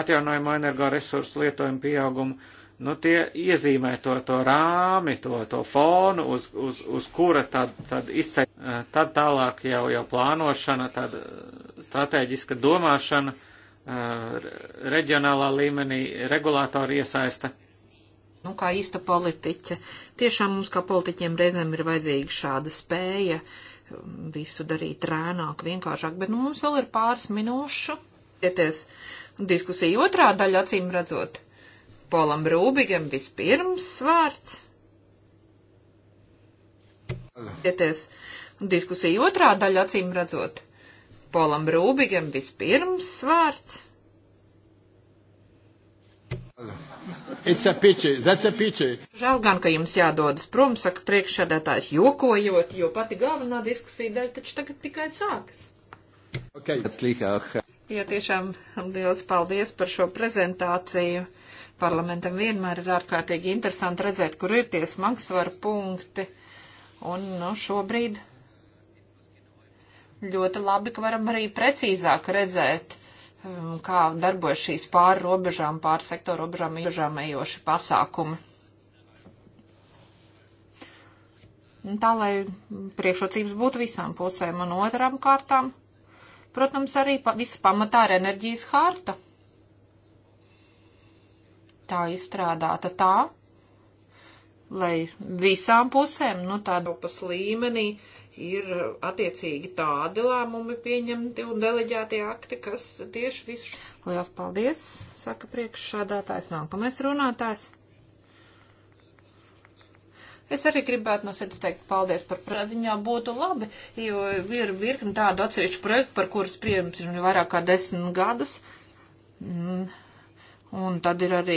Speaker 2: atjaunojumu energoresursu lietojumu pieaugumu. Nu, tie iezīmē to, to rāmi, to, to fonu, uz, uz, uz kura tad, tad izceļ. Tad tālāk jau, jau plānošana, tad strateģiska domāšana reģionālā līmenī, regulātori iesaista
Speaker 1: nu, kā īsta politiķe. Tiešām mums kā politiķiem reizēm ir vajadzīga šāda spēja um, visu darīt rēnāk, vienkāršāk, bet nu, mums vēl ir pāris minūšu. Ieties diskusija otrā daļa, acīm redzot, Polam Rūbigam vispirms vārds. Ieties diskusija otrā daļa, acīm redzot, Polam Rūbigam vispirms vārds.
Speaker 2: It's a pity, that's a pity.
Speaker 1: Žēl gan, ka jums jādodas prom, saka priekšsēdētājs, jokojot, jo pati galvenā diskusija daļa taču tagad tikai sākas. Okay. Jā, tiešām liels paldies par šo prezentāciju. Parlamentam vienmēr ir ārkārtīgi interesanti redzēt, kur ir tie smagsvaru punkti. Un, nu, šobrīd ļoti labi, ka varam arī precīzāk redzēt kā darbojas šīs pāri robežām, pāri sektoru robežām, robežām ejoši pasākumi. Tā, lai priekšrocības būtu visām pusēm un otrām kārtām. Protams, arī pa, visa pamatā ir enerģijas harta. Tā izstrādāta tā, lai visām pusēm, nu tādā pas līmenī, uh, ir attiecīgi tādi lēmumi pieņemti un deleģētie akti, kas tieši visu. Lielas paldies, saka priekšsādātājs, nākamais runātājs. Es arī gribētu no sirds teikt paldies par praziņā būtu labi, jo ir virkni tādu atsevišķu projektu, par kuru spriežam vairāk kā desmit gadus. Mm Un tad ir arī,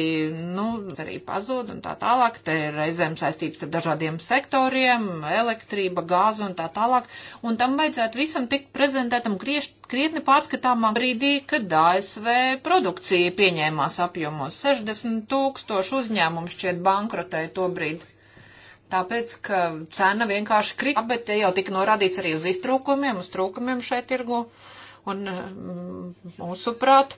Speaker 1: nu, arī pazūd un tā tālāk, te ir reizēm saistības ar dažādiem sektoriem, elektrība, gāze un tā tālāk. Un tam vajadzētu visam tikt prezentētam griež, krietni pārskatāmā brīdī, kad ASV produkcija pieņēmās apjomos 60 tūkstoši uzņēmumu šķiet bankrotēja to brīdi tāpēc, ka cena vienkārši krīt, bet jau tika norādīts arī uz iztrūkumiem, uz trūkumiem šeit tirgu. Un mm, mūsuprāt,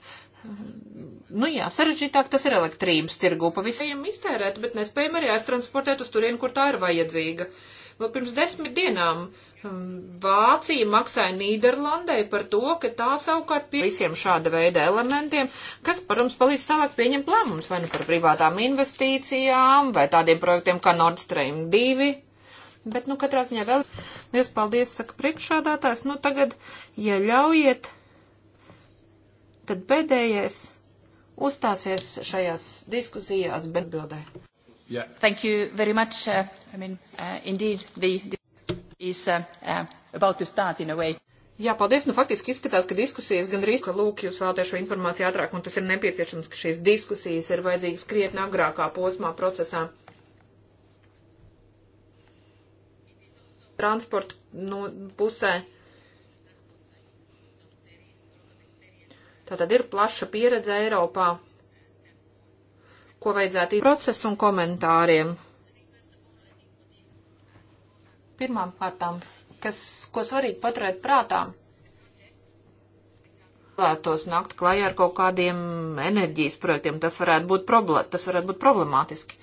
Speaker 1: nu jā, sarežģītāk tas ir elektrības tirgu, pa visiem iztērēt, bet nespējam arī aiztransportēt uz turien, kur tā ir vajadzīga. Vēl pirms desmit dienām um, Vācija maksāja Nīderlandai par to, ka tā savukārt pie visiem šāda veida elementiem, kas, protams, palīdz tālāk pieņemt lēmumus vai nu par privātām investīcijām vai tādiem projektiem kā Nord Stream 2. Bet, nu, katrā ziņā vēl. Liels paldies, saka priekšādātājs. Nu, tagad, ja ļaujiet. Tad pēdējais uzstāsies šajās diskusijās atbildē. Yeah. Thank you very much. Uh, I mean, uh, indeed, the, the is uh, uh, about to start in a way. Jā, paldies. Nu, faktiski izskatās, ka diskusijas gan rīz, ka lūk, jūs vēlaties šo informāciju ātrāk, un tas ir nepieciešams, ka šīs diskusijas ir vajadzīgas krietni agrākā posmā procesā. Transporta nu, pusē Tātad ir plaša pieredze Eiropā, ko vajadzētu procesu un komentāriem. Pirmām kārtām, kas, ko svarīgi paturēt prātām, vēlētos nākt klajā ar kaut kādiem enerģijas projektiem, tas varētu būt, problē tas varētu būt problemātiski.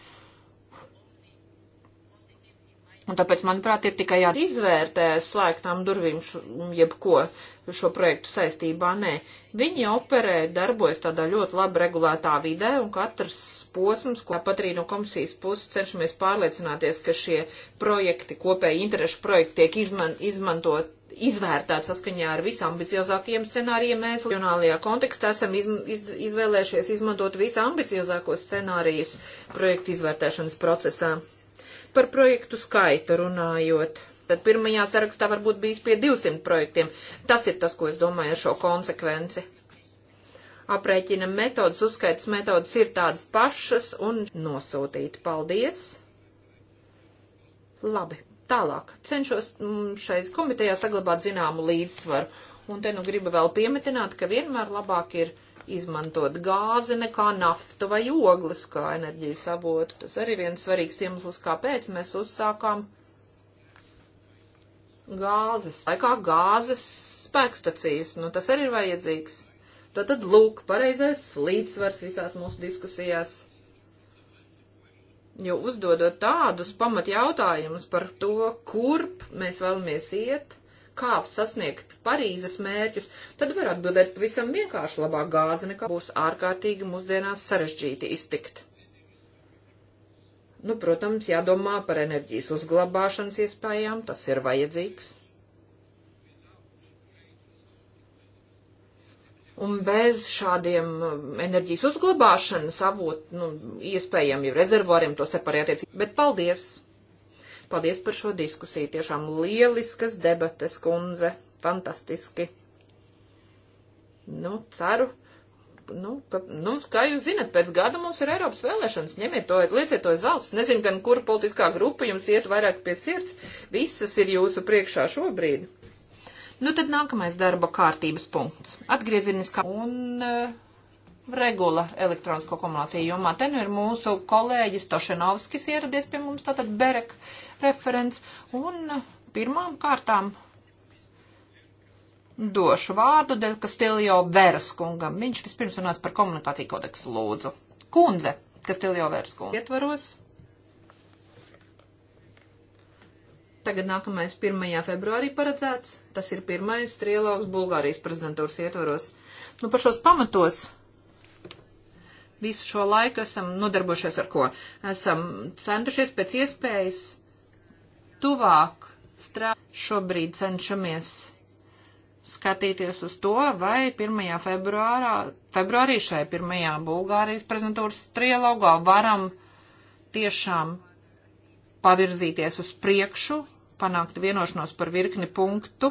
Speaker 1: Un tāpēc, manuprāt, ir tikai jāizvērtē slēgtām durvīm šo, jebko šo projektu saistībā. Nē, viņi operē, darbojas tādā ļoti labi regulētā vidē, un katrs posms, ko pat arī no komisijas puses cenšamies pārliecināties, ka šie projekti, kopēji interešu projekti tiek izman, izmantot, izvērtēt saskaņā ar visambiciozākajiem scenārijiem. Mēs reģionālajā kontekstā esam iz, iz, izvēlējušies izmantot visambiciozākos scenārijus projektu izvērtēšanas procesā. Par projektu skaitu runājot. Tad pirmajā sarakstā varbūt bijis pie 200 projektiem. Tas ir tas, ko es domāju ar šo konsekvenci. Aprēķina metodas, uzskaits metodas ir tādas pašas un nosūtīt. Paldies! Labi, tālāk. Cenšos mm, šai komitejā saglabāt zināmu līdzsvaru. Un te nu gribu vēl piemetināt, ka vienmēr labāk ir izmantot gāzi nekā naftu vai ogles kā enerģijas avotu. Tas arī viens svarīgs iemesls, kāpēc mēs uzsākām gāzes, laikā gāzes spēkstacijas. Nu, tas arī ir vajadzīgs. To tad lūk, pareizais līdzsvars visās mūsu diskusijās. Jo uzdodot tādus pamat jautājumus par to, kurp mēs vēlamies iet, kā sasniegt Parīzes mērķus, tad var atbildēt pavisam vienkārši labāk gāze nekā būs ārkārtīgi mūsdienās sarežģīti iztikt. Nu, protams, jādomā par enerģijas uzglabāšanas iespējām, tas ir vajadzīgs. Un bez šādiem um, enerģijas uzglabāšanas avot, nu, iespējami rezervoriem, tos ar pārējātiecību. Bet paldies! paldies par šo diskusiju. Tiešām lieliskas debates, kundze. Fantastiski. Nu, ceru. Nu, pa, nu, kā jūs zinat, pēc gada mums ir Eiropas vēlēšanas. Ņemiet to, lieciet to zelts. Nezinu, gan kura politiskā grupa jums iet vairāk pie sirds. Visas ir jūsu priekšā šobrīd. Nu, tad nākamais darba kārtības punkts. Atgrieziniskā un uh, regula elektronisko komunikāciju jomā. Te nu ir mūsu kolēģis Tošenovskis ieradies pie mums, tātad Berek referents, un pirmām kārtām došu vārdu Del Castillo Veras kungam. Viņš vispirms runās par komunikāciju kodeksu lūdzu. Kundze, Castillo Veras kungu. Ietvaros. Tagad nākamais 1. februārī paredzēts. Tas ir pirmais trialogs Bulgārijas prezidentūras ietvaros. Nu, par šos pamatos visu šo laiku esam nodarbojušies ar ko? Esam centušies pēc iespējas tuvāk strādāt. Šobrīd cenšamies skatīties uz to, vai 1. Februārā, februārī šai pirmajā Bulgārijas prezentūras trialogā varam tiešām pavirzīties uz priekšu, panākt vienošanos par virkni punktu,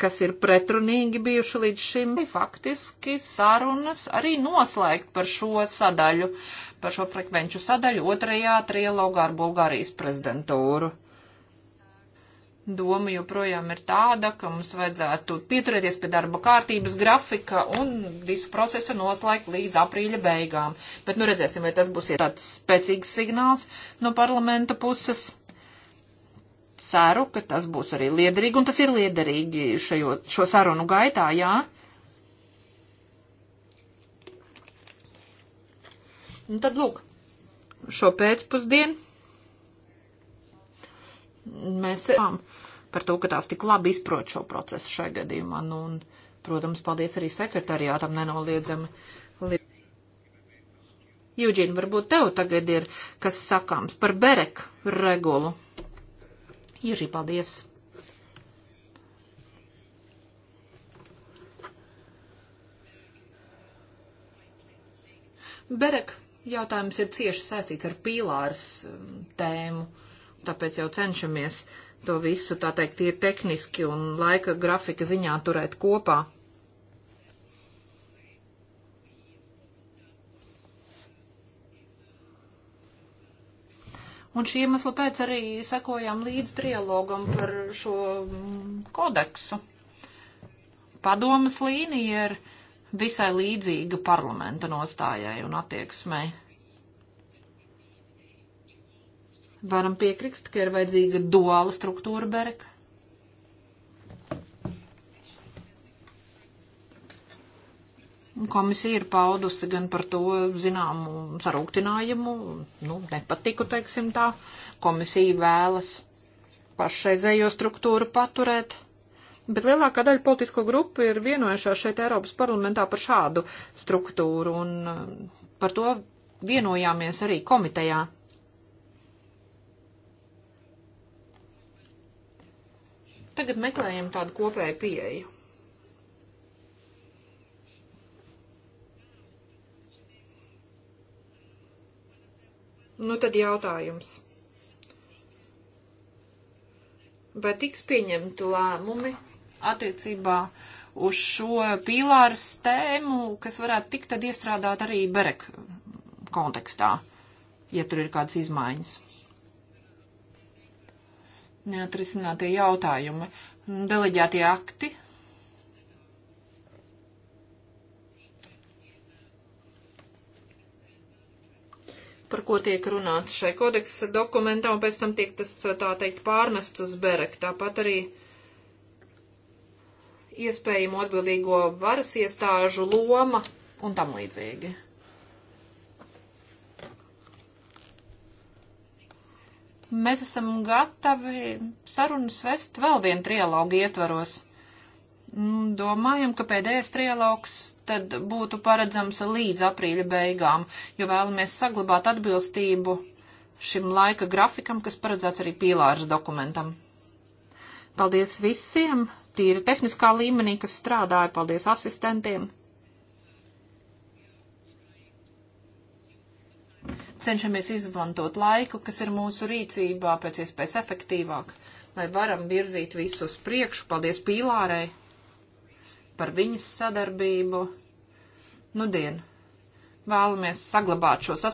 Speaker 1: kas ir pretrunīgi bijuši līdz šim. Faktiski sarunas arī noslēgt par šo sadaļu, par šo frekvenču sadaļu otrajā trialogā ar Bulgārijas prezidentūru. Doma joprojām ir tāda, ka mums vajadzētu pieturēties pie darba kārtības grafika un visu procesu noslēgt līdz aprīļa beigām. Bet nu redzēsim, vai tas būs tāds spēcīgs signāls no parlamenta puses ceru, ka tas būs arī liederīgi, un tas ir liederīgi šajo, šo sarunu gaitā, jā. Un tad lūk, šo pēcpusdienu mēs par to, ka tās tik labi izprot šo procesu šai gadījumā. Nu, un, protams, paldies arī sekretariātam nenoliedzami. Jūģīna, varbūt tev tagad ir kas sakāms par Bereku regulu. Jūžī, paldies! Berek jautājums ir cieši saistīts ar pīlārs um, tēmu, tāpēc jau cenšamies to visu, tā teikt, ir tehniski un laika grafika ziņā turēt kopā. Un šī iemesla pēc arī sekojām līdz trialogam par šo mm, kodeksu. Padomas līnija ir. Er visai līdzīga parlamenta nostājai un attieksmai. Varam piekrist, ka ir vajadzīga duāla struktūra Bereka. Komisija ir paudusi gan par to zināmu sarūktinājumu, nu, nepatiku, teiksim tā. Komisija vēlas pašreizējo struktūru paturēt Bet lielākā daļa politisko grupu ir vienojušās šeit Eiropas parlamentā par šādu struktūru, un uh, par to vienojāmies arī komitejā. Tagad meklējam tādu kopēju pieeju. Nu tad jautājums. Vai tiks pieņemti lēmumi attiecībā uz šo pīlāru stēmu, kas varētu tikt tad iestrādāt arī Berek kontekstā, ja tur ir kādas izmaiņas. Neatrisinātie jautājumi. Deleģētie akti, par ko tiek runāts šai kodeksa dokumentā, un pēc tam tiek tas tā teikt pārnests uz Berek. Tāpat arī iespējamo atbildīgo varas iestāžu loma un tam līdzīgi. Mēs esam gatavi sarunas vest vēl vienu trialogu ietvaros. Mm, domājam, ka pēdējais trialogs tad būtu paredzams līdz aprīļa beigām, jo vēlamies saglabāt atbilstību šim laika grafikam, kas paredzēts arī pīlārs dokumentam. Paldies visiem! tīri tehniskā līmenī, kas strādāja, paldies asistentiem. Cenšamies izmantot laiku, kas ir mūsu rīcībā, pēc iespējas efektīvāk, lai varam virzīt visus priekšu. Paldies Pīlārei par viņas sadarbību. Nudien vēlamies saglabāt šo sasaukumu.